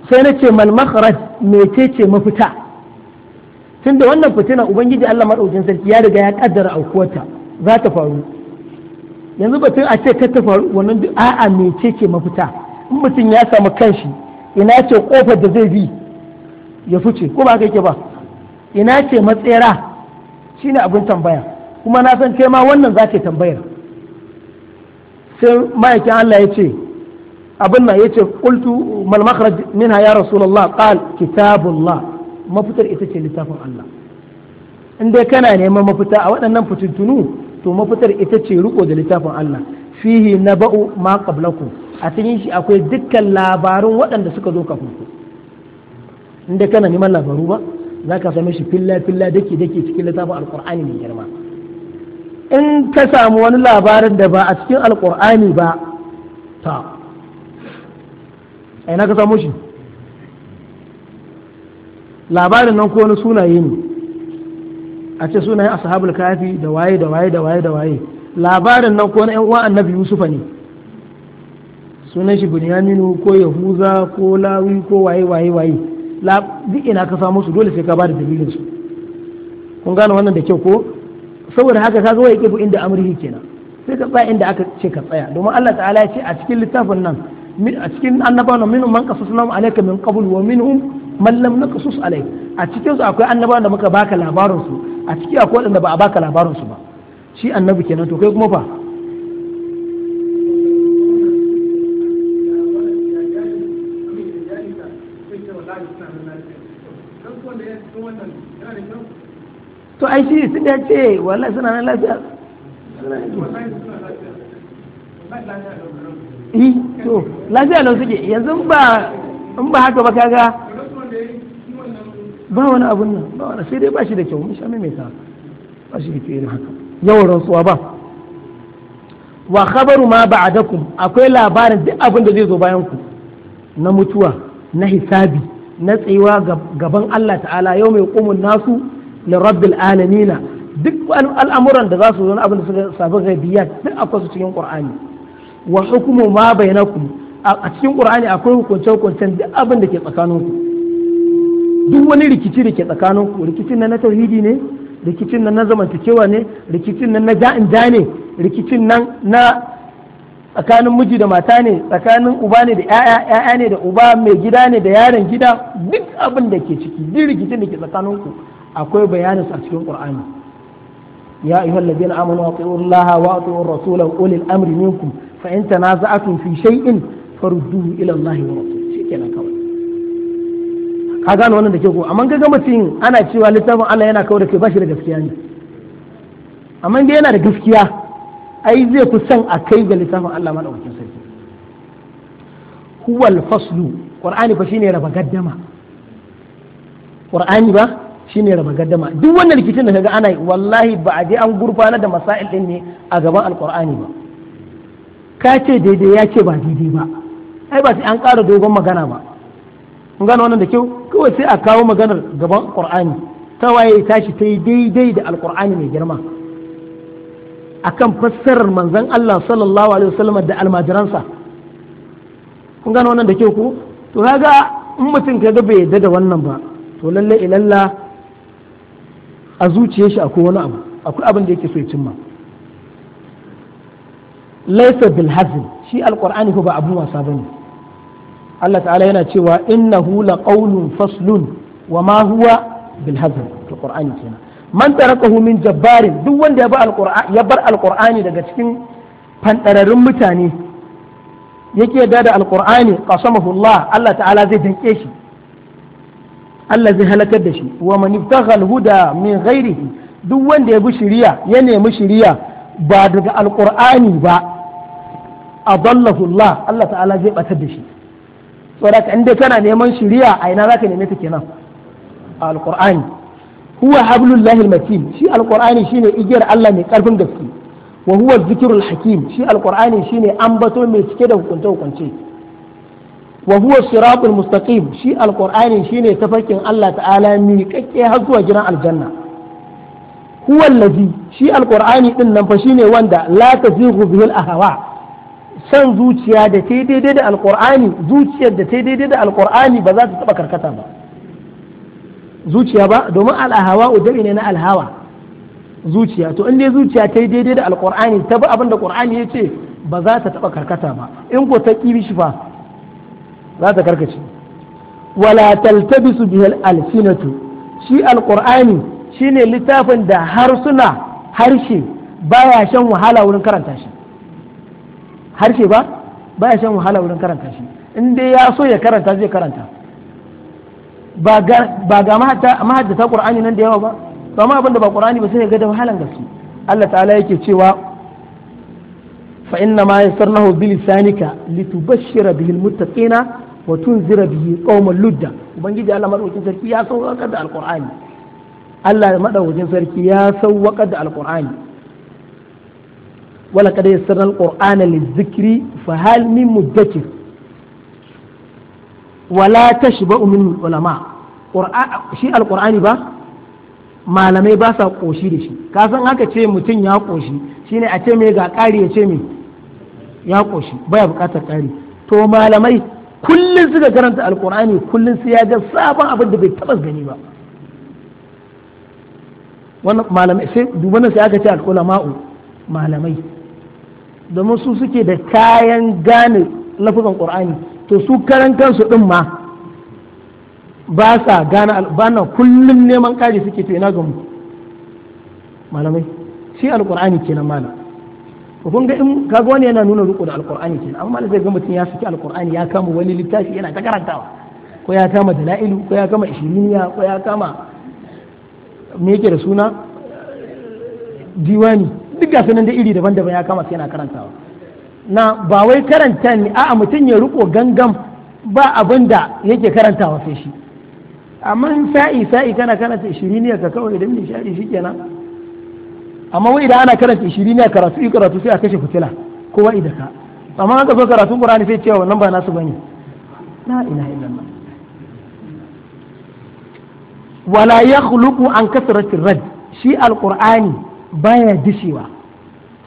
sai na ce mal makhraj ce mafita tunda wannan fitina ubangiji Allah madaukin sarki ya riga ya kaddara aukuwarta za ta faru yanzu batun a ce ta faru wannan duk a'a ce mafita in mutum ya samu kanshi ina ce kofar da zai bi ya fice ko ba kake ba ina ce matsera shine abin tambaya kuma na san kai ma wannan za tambayar sai ma'aikin Allah ya ce abin nan yace kultu mal makhraj minha ya rasulullah qal kitabullah mafitar ita ce littafin Allah in dai kana neman mafita a waɗannan fitintunu to mafitar ita ce riko da littafin Allah fihi naba'u ma qablakum a cikin shi akwai dukkan labarun waɗanda suka zo kafin ku in dai kana neman labaru ba za ka same shi filla filla dake dake cikin littafin alqur'ani mai girma in ka samu wani labarin da ba a cikin alqur'ani ba a ina ka samu shi labarin nan ko wani sunaye ne a ce sunayen ashabul kafi da waye da waye da waye da waye labarin nan ko wani yan uwan annabi yusufa ne sunan shi bunyaminu ko yahuza ko lawi ko waye waye waye duk ina ka samu su dole sai ka ba da dalilin su kun gane wannan da kyau ko saboda haka ka ga wai kifu inda amrihi kenan sai ka tsaya inda aka ce ka tsaya domin Allah ta'ala ya ce a cikin littafin nan a cikin annabawa minhum man qasasnahum alayka min qabl wa minhum man lam naqsus alayk a cikin su akwai annabawa da muka baka labarin su a ciki akwai wanda ba a baka labarin su ba shi annabi kenan to kai kuma fa to ai shi sun ya ce wallahi suna nan lafiya suna nan lafiya eh to lafiya lau suke yanzu ba in ba haka ba kaga ba wani abun nan ba wani sai dai ba shi da kyau mun sha mai ta ba shi da kyau irin haka yawan rantsuwa ba wa khabaru ma ba ba'adakum akwai labarin duk abin da zai zo bayan ku na mutuwa na hisabi na tsayuwa gaban Allah ta'ala yau mai kumun nasu li rabbil alamina duk al'amuran da za su zo na abin da suka sabu gaibiyat duk akwai su cikin qur'ani wa hukumu ma bainakum a cikin qur'ani akwai hukunce hukunce duk abin da ke tsakaninku duk wani rikici da ke tsakaninku rikicin nan na tauhidi ne rikicin nan na zamantakewa ne rikicin nan na ja'in ja ne rikicin nan na tsakanin miji da mata ne tsakanin uba ne da ya'ya ya'ya ne da uba mai gida ne da yaron gida duk abin da ke ciki duk rikicin da ke tsakaninku akwai bayanin a cikin qur'ani يا أيها الذين آمنوا أطيعوا الله وأطيعوا الرسول وأولي الأمر منكم فإن تنازعتم في شيء فردوه إلى الله ورسوله شكرا كوي ka gano wannan da ke ko amma ga mutum ana cewa littafin Allah yana kawo da kai bashi da gaskiya ne amma dai yana da gaskiya ai zai fi son a kai ga littafin Allah madaukakin sarki huwal faslu qur'ani fa shine raba gaddama ƙur'ani ba shine raba gaddama duk wannan rikicin da kaga ana yi wallahi ba a je an gurfana da masail din ne a gaban alqur'ani ba ka ce daidai ya ce ba daidai ba ai ba sai an ƙara dogon magana ba kun gane wannan da kyau kawai sai a kawo maganar gaban qur'ani ta waye tashi ta yi daidai da alqur'ani mai girma akan fassarar manzon Allah sallallahu alaihi wasallam da almajiransa kun gane wannan da kyau ko to kaga in mutum kaga bai yadda da wannan ba to lalle ilalla a zuciyar shi akwai wani abu akwai abin da yake so ya cimma laisa bil hazin shi alqur'ani ko ba abun wasa bane Allah ta'ala yana cewa innahu laqawlun faslun wa ma huwa bil hazin alqur'ani kenan man tarakahu min jabbarin duk wanda ya bar alqur'ani ya bar alqur'ani daga cikin fandararrun mutane yake da da alqur'ani qasamahu Allah Allah ta'ala zai danke shi Allah zai halakar da shi wa man ibtaghal huda min ghairihi duk wanda ya bi shiriya ya nemi shiriya ba daga alqur'ani ba adallahu Allah Allah ta'ala zai batar da shi saboda in dai kana neman shiriya a ina zaka neme ta kenan alqur'ani huwa hablullahi almatin shi alqur'ani shine igiyar Allah mai karfin gaske wa huwa zikrul hakim shi alqur'ani shine ambato mai cike da hukunce hukunce wa huwa siratul mustaqim shi alqur'ani shine tafarkin Allah ta'ala mi kakke har zuwa gidan aljanna huwa allazi shi alqur'ani din nan fa shine wanda la tazighu bihi al-ahwa san zuciya da ta daidai da alqur'ani zuciyar da ta daidai da alqur'ani ba za ta taba karkata ba zuciya ba domin al-ahwa ne na Alhawa zuciya to in dai zuciya ta daidai da alqur'ani ta bi abin da ya ce ba za ta taba karkata ba in ko ta kibi shi fa za ta karkace wala taltabisu bihal alsinatu shi alqur'ani shine littafin da harsuna harshe baya shan wahala wurin karanta shi harshe ba baya shan wahala wurin karanta shi in dai ya so ya karanta zai karanta ba ga mahaddata qur'ani nan da yawa ba ba ma abin da ba qur'ani ba sai ga da wahalan gaske Allah ta'ala yake cewa fa فإنما يسرناه بلسانك litubashshira bihil muttaqina wa tunzira bihi qauman ludda ubangiji Allah madaukakin sarki ya sauƙaƙa da alqur'ani Allah madaukakin sarki ya sauƙaƙa da alqur'ani wala kada yassarna alqur'ana lizikri fa hal min mudakkir wala tashba'u min ulama shi alqur'ani ba malamai ba sa koshi da shi ka san haka ce mutum ya koshi shine a ce me ga ƙari ya ce me ya koshi baya bukatar ƙari to malamai kullum suka karanta alkur'ani kullum sai ya ga sabon abin da bai taba gani ba wannan malamai sai dubanin sai aka ce alkulama'u malamai domin su suke da kayan gane lafukan qur'ani to su karan kansu din ma ba sa gane albana kullum neman kari suke to ina ga mu malamai shi alkur'ani kenan malam kun ga in kaga wani yana nuna riko da alqur'ani kenan amma da zai ga mutum ya saki alqur'ani ya kama wani littafi yana ta karantawa ko ya kama dalailu ko ya kama ishiriniya ko ya kama me yake da suna diwani duk ga sanan da iri daban-daban ya kama sai yana karantawa na ba wai karanta ne a'a mutum ya riko gangam ba abin da yake karantawa sai shi amma sa'i sa'i kana karanta ishiriniya ka kawai idan nishadi shikenan amma wai idan ana karanta ishirin ne karatu yi karatu sai a kashe fitila ko idan ka amma an ka zo karatun qur'ani sai cewa wannan ba nasu bane la ilaha illallah wala yakhluqu an kasrati rad shi alqur'ani baya dishewa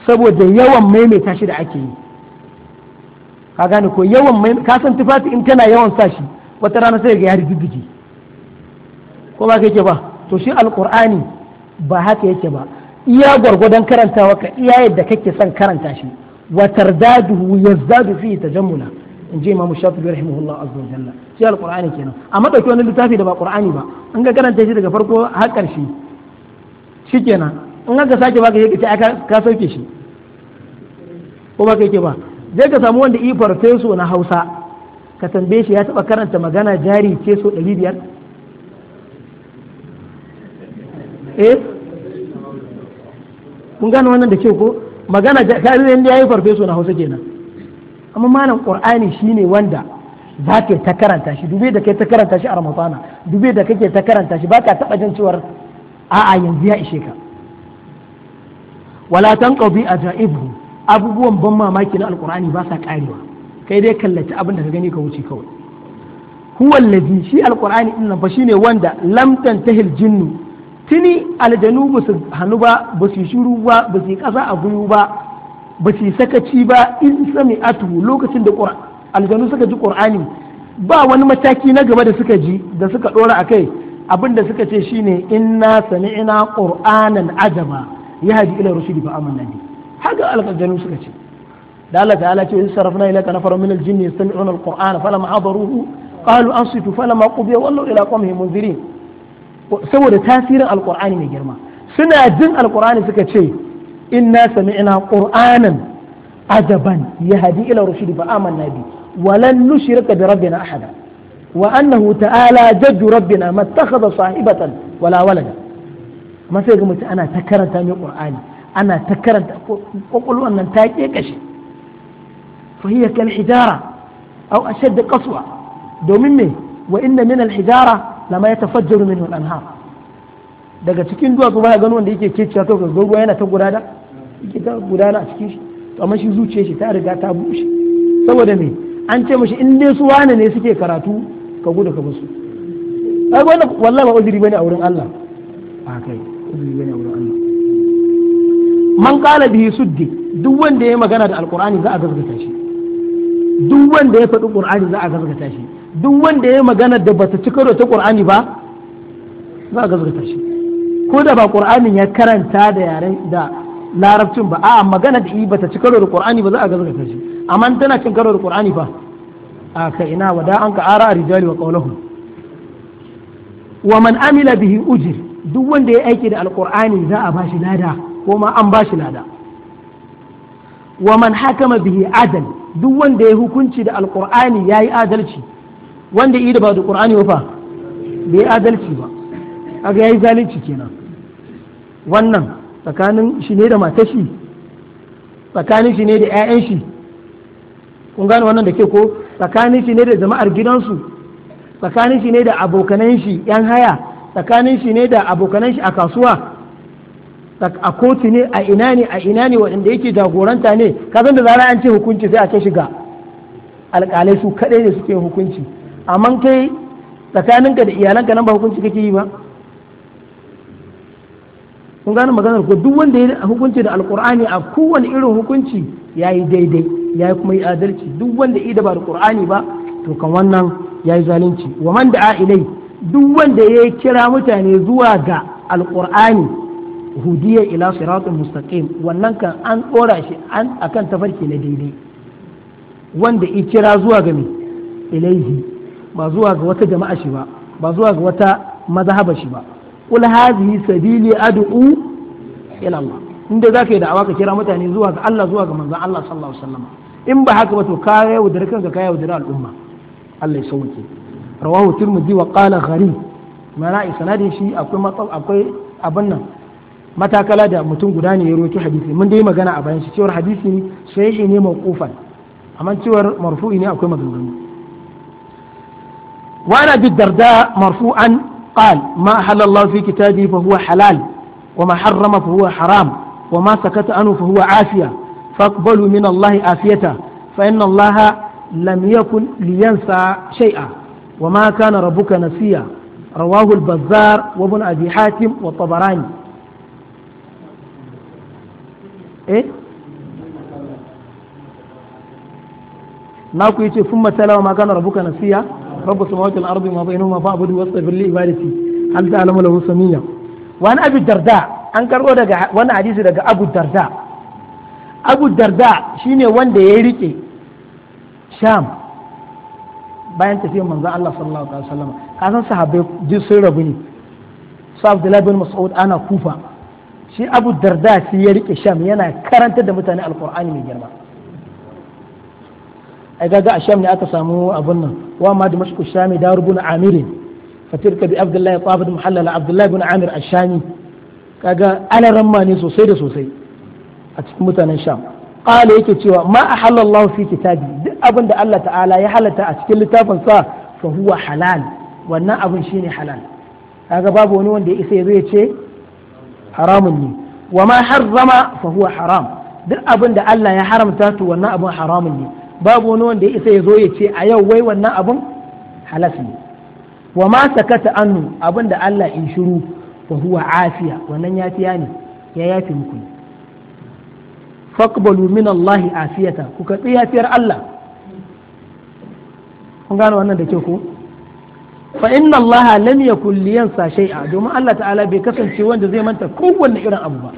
saboda yawan maimaita shi da ake yi ka gane ko yawan mai ka san tufafi in tana yawan sa shi wata rana sai ga ya rigidigi ko ba ka ba to shi alqur'ani ba haka yake ba iya gwargwadon karantawa ka iya yadda kake son karanta shi wa tardaduhu yazdadu fi tajammula in ji imamu shafi'i rahimahullah azza wa jalla shi alqur'ani kenan amma dauki wani littafi da ba qur'ani ba in ka karanta shi daga farko har karshe shikenan in ka sake baka yake ce ka sauke shi ko baka yake ba zai ka samu wanda ifar feso na Hausa ka tambaye shi ya taba karanta magana jari feso so 500 eh kun gane wannan da ke ko magana jaririn da yi farfeso na Hausa kenan amma malam Qur'ani shine wanda ka ta karanta shi dube da kai ta karanta shi a Ramadana dube da kake ta karanta shi ba ka taba jan cewar a'a yanzu ya ishe ka wala a ajaibu abubuwan ban mamaki na alqur'ani ba sa karewa kai dai kallaci abin da ka gani ka wuce kawai huwa allazi shi alqur'ani din nan fa shine wanda lam tantahil jinnu tuni aljanu ba su hannu ba ba su shiru ba ba su kasa a guyu ba ba su sakaci ba in sami atu lokacin da aljanu suka ji qur'ani ba wani mataki na gaba da suka ji da suka dora akai abin da suka ce shine inna sami'na qur'anan ajaba yahdi ila rusuli fa amanna bi haka aljanu suka ce da Allah ta'ala ce in sarafna ilaka nafaran min aljinni yastami'una alqur'ana falamma hadaruhu qalu ansitu falamma qudiya wallu ila qawmihim munzirin saboda tasirin Alƙur'ani mai girma suna jin Alƙur'ani suka ce inna sami'na qur'anan ajaban yahdi ila rushd fa amanna bi walan nushrika bi rabbina ahada wa annahu ta'ala jaddu rabbina mattakhadha sahibatan wala walada amma sai ga mutum ana ta karanta mai qur'ani ana ta karanta kwakwalwan nan ta ke kashe. fa hiya kal hijara aw ashadda qaswa domin me wa inna min al hijara lama ya tafajjaru minhu al daga cikin duwatsu ba gano wanda yake keciya to ga ruwa yana ta gudana yake ta gudana a cikin shi to amma shi zuciya shi ta riga ta bushe saboda me an ce mashi in dai su wane ne suke karatu ka gudu ka musu ai wannan wallahi ba uzuri bane a wurin Allah a kai uzuri bane a wurin Allah man qala bihi suddi duk wanda ya magana da alqur'ani za a gaskata shi duk wanda ya faɗi qur'ani za a gaskata shi duk wanda ya magana da bata ci karo ta qur'ani ba za a gazgata shi ko da ba qur'anin ya karanta da yaren da larabcin ba a'a magana da yi bata ci karo da qur'ani ba za a gazgata shi amma tana cin karo da qur'ani ba a ka ina wada an ka ara rijali wa qawluhu wa man amila bihi ujir duk wanda ya aiki da alqur'ani za a bashi lada ko ma an bashi lada wa man hakama bihi adal duk wanda ya hukunci da alqur'ani yayi adalci wanda ida ba da qur'ani ba bai yi adalci ba ya yi zalunci kenan wannan tsakanin shi ne da matashi shi tsakanin shi ne da 'ya'yan shi kun gane wannan da ke ko tsakanin shi ne da jama'ar gidansu tsakanin shi ne da abokanan shi 'yan haya tsakanin shi ne da abokanan shi a kasuwa a kotu ne a ina ne a ina ne waɗanda yake jagoranta ne ka san da zara an ce hukunci sai a kai shiga alƙalai su kaɗai ne suke hukunci amma kai tsakaninka da iyalanka nan ba hukunci kake yi ba kun gane maganar ko duk wanda ya hukunci da alkur'ani a kowane irin hukunci ya yi daidai ya yi kuma yi adalci duk wanda ya ba alkur'ani ba to kan wannan ya yi zalunci wa man da'a ilai duk wanda ya kira mutane zuwa ga alkur'ani hudiya ila siratul mustaqim wannan kan an dora shi an akan tafarki na daidai wanda ya kira zuwa ga me ilaihi ba zuwa ga wata jama'a shi ba ba zuwa ga wata mazhaba shi ba qul hadhihi sabili ad'u ila Allah inda zaka yi da'awa ka kira mutane zuwa ga Allah zuwa ga manzon Allah sallallahu alaihi wasallam in ba haka ba to ka yaudare kanka ka yaudare al'umma Allah ya sauke rawahu tirmidhi wa qala gharib mana sanadin shi akwai matsal akwai abin nan matakala da mutum guda ne ya roki hadisi mun dai magana a bayan shi cewar hadisi sahihi ne mawqufan amma cewar marfu'i ne akwai maganganu وعن أبي الدرداء مرفوعا قال ما أحل الله في كتابه فهو حلال وما حرم فهو حرام وما سكت عنه فهو عافية فاقبلوا من الله عافيته فإن الله لم يكن لينسى شيئا وما كان ربك نسيا رواه البزار وابن أبي حاتم والطبراني إيه ناكو يتي ثم تلا وما كان ربك نسيا رب السماوات والأرض وما بينهما فاعبد واستغفر لي عبادتي هل تعلم له سميا وأنا أبي الدرداء أنكر وأنا حديث دقى أبو الدرداء أبو الدرداء شيني wanda ya يريكي sham bayan tafiyar manzon Allah sallallahu alaihi wasallam ka san sahabbai duk sun rabu ne su Abdullahi bin Mas'ud ana kufa shi Abu Darda shi ya rike Sham yana karantar da mutane Alqur'ani mai girma ai ga a sham ne aka samu abun nan wa ma dimashqu shami darubun amirin fatirka bi abdullahi qabid muhallala abdullahi bin amir ashami kaga ana ma ne sosai da sosai a cikin mutanen sham qala yake cewa ma ahallallahu fi kitabi duk abin da Allah ta'ala ya halatta a cikin littafin sa fa huwa halal wannan abin shine halal kaga babu wani wanda ya isa ya ce haramun ne wa ma harrama fa huwa haram duk abin da Allah ya haramta to wannan abin haramun ne babu wani wanda ya isa ya zo ya ce a yau wai wannan abun halas ne wa ma sakata annu abin da Allah in shiru wa huwa afiya wannan yafiya ne ya yafi muku ne faqbalu min Allah afiyata ku karbi yafiyar Allah kun gano wannan da ke ku fa inna Allah lam yakul liyansa shay'a domin Allah ta'ala bai kasance wanda zai manta kowanne irin abu ba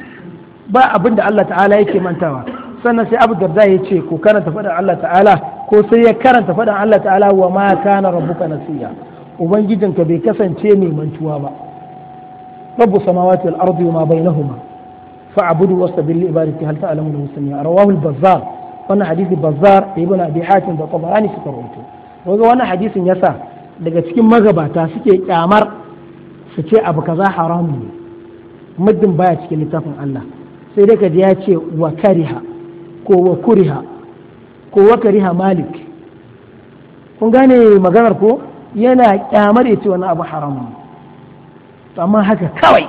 ba abin da Allah ta'ala yake mantawa sannan sai abu darda ya ce ku karanta faɗin Allah ta'ala ko sai ya karanta faɗin Allah ta'ala wa ma kana rabbuka nasiya ubangijinka bai kasance mai mantuwa ba rabbu samawati wal ardi wa ma bainahuma fa'budu wastabil li ibadati hal ta'lamu lahu samia rawahu al bazzar wannan hadisi bazzar ibn abi hatim da tabarani suka rawaito kaga wannan hadisin yasa daga cikin magabata suke kyamar su ce abu kaza haramu ne muddin baya cikin littafin Allah sai dai ka ji ya ce wa kariha ko wa kuriha ko wa kariha malik kun gane maganar ko yana kyamar ya ce wani abu haramun to amma haka kawai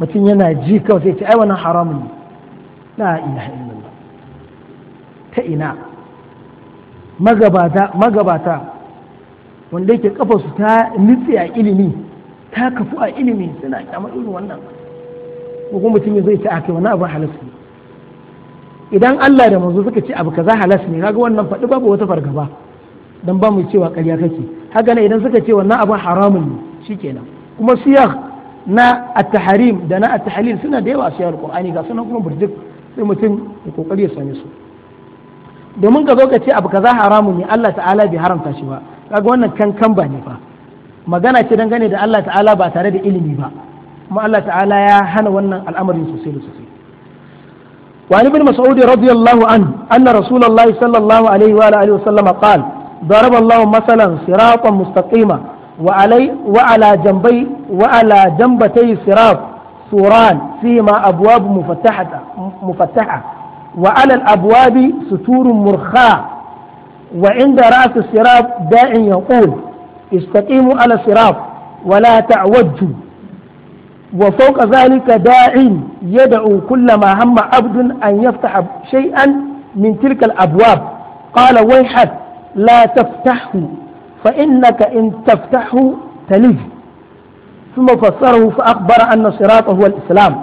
mutum yana ji kawai sai ce ai wani haramun ne la ilaha illallah ta ina magabata magabata wanda yake kafa su ta nitsi a ilimi ta kafu a ilimi suna kyamar irin wannan ko kuma mutum zai ce ake wani abu halasu idan Allah da manzo suka ce abu kaza halas ne kaga wannan faɗi babu wata fargaba dan ba mu cewa ƙarya kake haka ne idan suka ce wannan abu haramun ne shikenan kuma siyar na at da na at suna da yawa a siyar Qur'ani ga sunan kuma burjik sai mutum ya kokari ya same su domin ka zo ka ce abu kaza haramun ne Allah ta'ala bai haramta shi ba kaga wannan kan ba ne fa magana ce dangane da Allah ta'ala ba tare da ilimi ba kuma Allah ta'ala ya hana wannan al'amarin sosai da sosai وعن ابن مسعود رضي الله عنه أن رسول الله صلى الله عليه وآله وسلم قال ضرب الله مثلا صراطا مستقيما وعلي وعلى جنبي وعلى جنبتي صراط سوران فيما أبواب مفتحة مفتحة وعلى الأبواب ستور مرخاة وعند رأس الصراط داع يقول استقيموا على الصراط ولا تعوجوا وفوق ذلك داع يدعو كلما هم عبد أن يفتح شيئا من تلك الأبواب قال ويحك لا تفتحه فإنك إن تفتحه تلف ثم فسره فأخبر أن صراطه هو الإسلام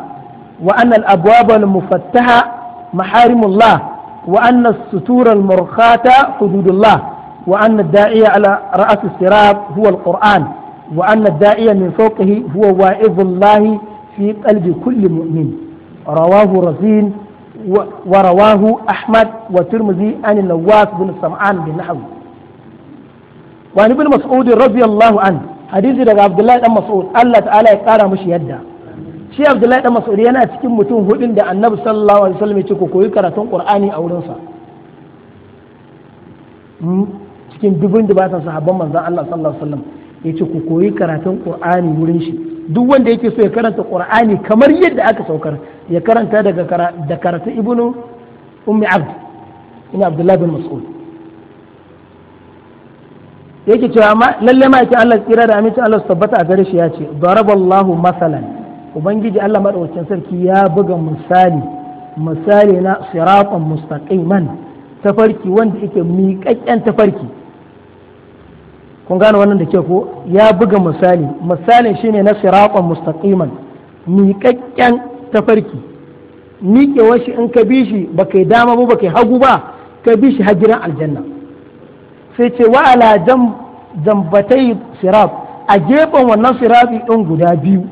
وأن الأبواب المفتحة محارم الله وأن الستور المرخاة حدود الله وأن الداعية على رأس الصراط هو القرآن وأن الداعية من فوقه هو واعظ الله في قلب كل مؤمن رواه رزين ورواه أحمد وترمذي عن النواس بن سمعان بالنحو وعن ابن مسعود رضي الله عنه حديث daga Abdullahi dan Mas'ud Allah ta'ala ya kara mishi yadda shi Abdullahi dan Mas'ud yana cikin mutum hudin da Annabi sallallahu alaihi wasallam ya ce ku koyi karatun Qur'ani a wurinsa. sa cikin dubin dubatan sahabban manzon Allah sallallahu alaihi wasallam yace ku koyi karatun ƙur'ani wurin shi duk wanda yake so ya karanta ƙur'ani kamar yadda aka saukar ya karanta daga da karatu ibnu ummi abd abdullahi bin mas'ud yake cewa ma lalle ma yake Allah tsira da aminci Allah su tabbata a gare shi ya ce daraballahu masalan ubangiji Allah madaukakin sarki ya buga misali misali na siratan mustaqiman tafarki wanda yake miƙaƙƙen tafarki kun gane wannan da ke ko ya buga misali misalin shine na siraqan mustaqiman miƙaƙƙen tafarki miƙe washi in ka bi shi ba kai dama ba ba kai hagu ba ka bi shi hajiran aljanna sai ce wa ala jambatai sirab a gefen wannan sirabi ɗin guda biyu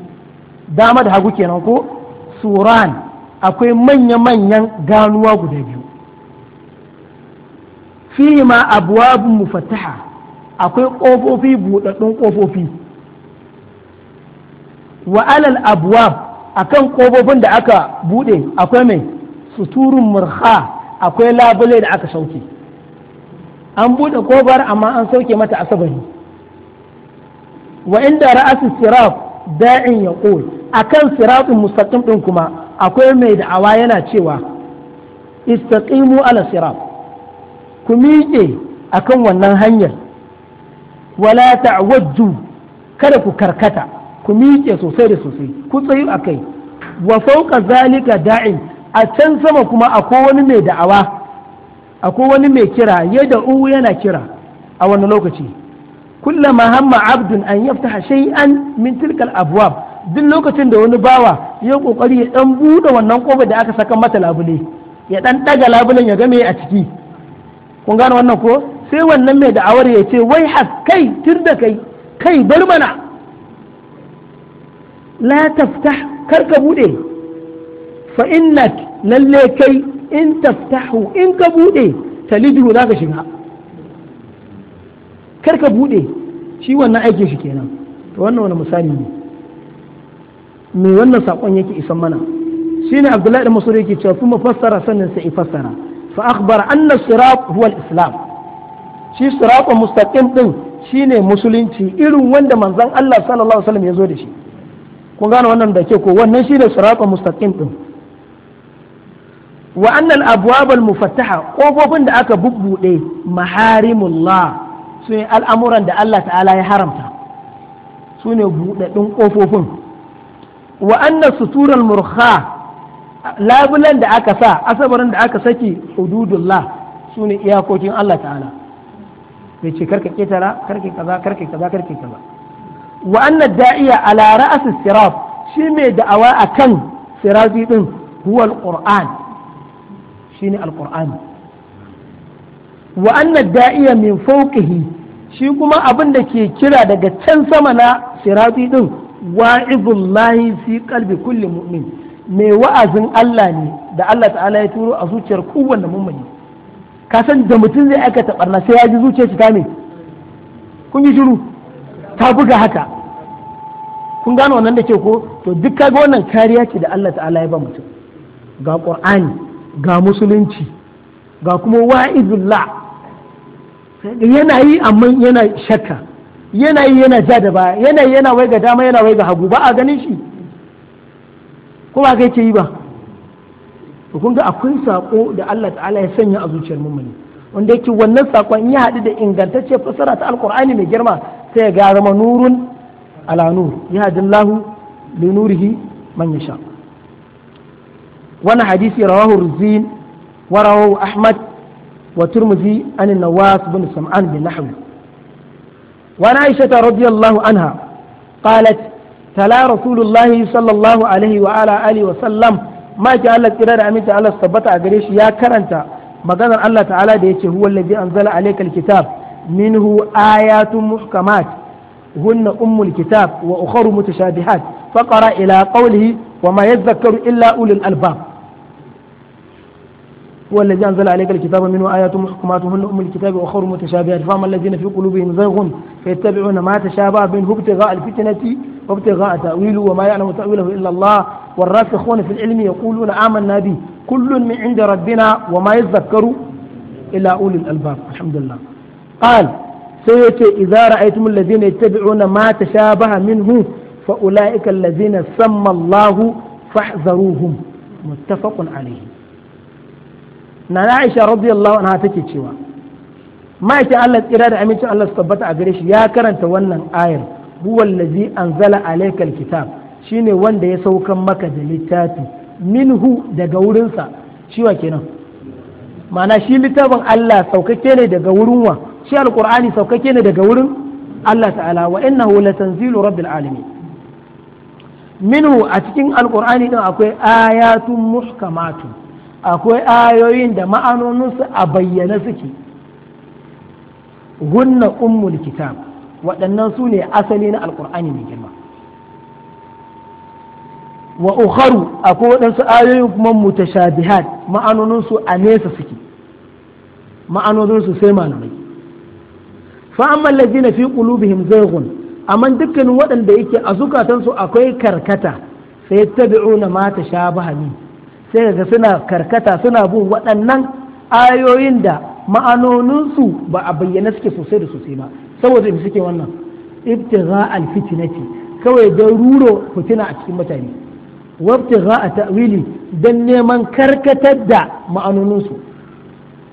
dama da hagu kenan ko suran akwai manya-manyan ganuwa guda biyu fi ma abuwa mufataha akwai ƙofofi buɗaɗɗun ƙofofi wa alal abwab akan ƙofofin da aka buɗe akwai mai suturun murha akwai labule da aka sauke an buɗe ƙofar amma an sauke mata asabari wa inda ra'asu siraf da'in ya akan siratun mustaqim ɗin kuma akwai mai da'awa yana cewa istaqimu ala sirat ku miƙe akan wannan hanyar wala wajju kada ku karkata ku miƙe sosai da sosai ku tsayu a kai wa fauka zalika da'in a can sama kuma akwai wani mai da'awa akwai wani mai kira yadda u yana kira a wani lokaci kullama hamma abdun an yaftaha shay'an min tilkal abwab duk lokacin da wani bawa ya kokari ya ɗan buɗe wannan kofar da aka saka mata labule ya dan daga labulen ya game a ciki kun gane wannan ko sai wannan mai da'awar ya ce wai kai tir da kai kai bar mana la taftah kar ka bude fa innak lalle kai in taftahu in ka bude talidu za ka shiga kar ka bude shi wannan aikin shi kenan to wannan wani misali ne me wannan sakon yake isan mana Shi ne abdullahi da masoro yake cewa kuma fassara sannan sai fassara fa akhbara anna sirat huwa al-islam shi siratul mustaqim din shine musulunci irin wanda manzon Allah sallallahu alaihi wasallam ya zo da shi kun gane wannan da ke ko wannan shine siratul mustaqim din wa annal abwab al mufattaha kofofin da aka bubbude maharimullah sune al'amuran da Allah ta'ala ya haramta sune buɗaɗɗun kofofin wa anna suturan murkha labulan da aka sa asabarin da aka saki hududullah sune iyakokin Allah ta'ala bai ce karka ketara karka kaza karka kaza karka kaza wa annad da'iya ala ra'as sirat shi mai da'awa akan sirati din huwa alquran shine alquran wa annad da'iya min fawqihi shi kuma abin da ke kira daga can sama na sirati din wa'izullahi fi qalbi kulli mu'min mai wa'azin Allah ne da Allah ta'ala ya turo a zuciyar kowanne mummuni ka san da mutum zai aikata barna sai ya ji zuciya shi ta ne kun yi shiru ta buga haka kun gano wannan da ke ko to duk kaga wannan kariya ce da Allah ta'ala ya ba mutum ga qur'ani ga musulunci ga kuma wa'izullah yana yi amma yana shakka yana yi yana ja da baya yana yi yana wai ga dama yana wai ga hagu ba a ganin shi ko ba kai ke yi ba to kun ga akwai sako da Allah ta'ala ya sanya a zuciyar mummuni wanda yake wannan sakon in ya haɗu da ingantacce fasara ta alqur'ani mai girma sai ga zama nurun ala nur yahdillahu li nurihi man yasha wannan hadisi rawahu ruzin wa rawahu ahmad wa turmuzi an nawas bin sam'an bin nahwi وعن عائشة رضي الله عنها قالت تلا رسول الله ma'aikin Allah tsira da aminta Allah tabbata a gare shi ya karanta maganar Allah ta'ala da yace huwa allazi anzala alaykal kitab minhu ayatun muhkamat hunna ummul kitab wa ukhra mutashabihat faqara ila qawlihi wa ma yadhakkaru illa ulul albab هو الذي أنزل عليك الكتاب منه آيات محكمات هن أم الكتاب وأخر متشابهات فأما الذين في قلوبهم زيغ فيتبعون ما تشابه منه ابتغاء الفتنة وابتغاء تأويله وما يعلم تأويله إلا الله والراسخون في العلم يقولون آمنا به كل من عند ربنا وما يذكر إلا أولي الألباب الحمد لله قال سيأتي إذا رأيتم الذين يتبعون ما تشابه منه فأولئك الذين سمى الله فاحذروهم متفق عليه na Aisha radiyallahu anha take cewa ma'aikin Allah tsira da amincin Allah su tabbata a gare shi ya karanta wannan ayar huwal ladzi anzala alaykal kitab shine wanda ya saukan maka da littafi minhu daga wurinsa cewa kenan ma'ana shi littafin Allah saukake ne daga wurin wa shi alkur'ani saukake ne daga wurin Allah ta'ala wa innahu latanzilu rabbil alamin minhu a cikin alkur'ani din akwai ayatun muhkamatun akwai ayoyin da ma'anoninsu a bayyane suke Gunna ummul kitab waɗannan su ne asali na alkur'ani mai girma wa ukharu akwai waɗansu ayoyin kuma mutashabihat ma'anonin su a nesa suke ma'anonin su sai malamai fa amma allazina fi qulubihim zayghun amma dukkanin waɗanda yake a zukatan akwai karkata sai tabi'una ma tashabaha min sai ga suna karkata suna bin waɗannan ayoyin da ma'anonin su ba a bayyana suke sosai da sosai ba saboda su suke wannan ibtigha al-fitnati kawai don ruro fitina a cikin mutane wabtigha a ta'wili don neman karkatar da ma'anoninsu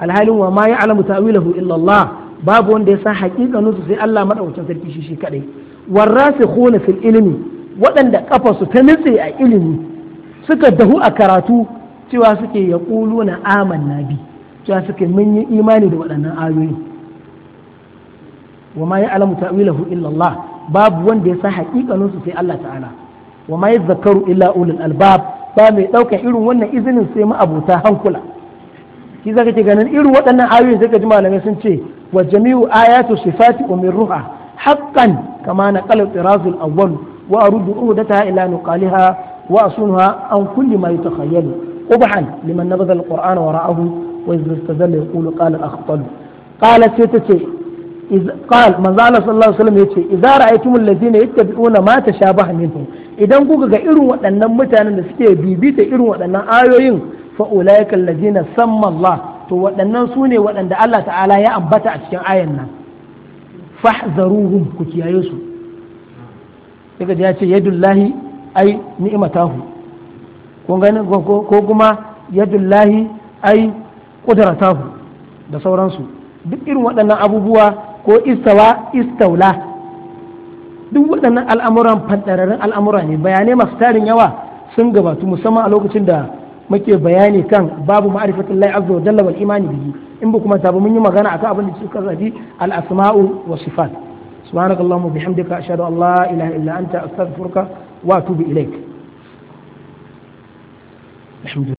alhalin wa ma ya'lamu ta'wilahu illa Allah babu wanda ya san haƙiƙanin su sai Allah madaukakin sarki shi shi kadai warasikhuna fil ilmi waɗanda kafarsu ta nutse a ilimi suka dahu a karatu cewa suke yaquluna amanna bi cewa suke mun yi imani da waɗannan ayoyi wa ma ya'lamu ta'wilahu illa Allah babu wanda ya san haƙiƙanin sai Allah ta'ala wa ma yadhakkaru illa ulul albab ba mai ɗaukar irin wannan izinin sai ma abuta hankula shi zaka ce ganin irin waɗannan ayoyin sai ka ji malamai sun ce wa jami'u ayatu sifati umirruha haqqan kama naqala tirazul awwal wa aruddu uhdataha ila nuqaliha wa asunha an kulli ma yatakhayyalu qubhan liman nabadha alqur'ana wara'ahu wa iz istadalla yaqulu qala akhtal qala sai ta ce قال من قال صلى الله عليه وسلم يتي إذا idan kuka ga irin waɗannan mutanen da suke bibita irin waɗannan ayoyin fa ulaika allazina samma Allah to waɗannan su ne waɗanda Allah ta'ala ya ambata a cikin ayan nan fahzaruhum ku kiyaye su daga ya ce yadullahi ai ni'matahu kun ko kuma yadullahi ai qudratahu da sauransu duk irin waɗannan abubuwa ko istawa istaula duk waɗannan al'amuran fadararren al'amura ne bayanai masu tarin yawa sun gabatu musamman a lokacin da muke bayani kan babu ma'rifatul lahi azza wa jalla wal imani bihi in ba kuma tabu mun yi magana akan abin da suka zabi al asma'u wa sifat subhanakallahumma bihamdika ashhadu an la ilaha illa anta astaghfiruka wa atubu ilaik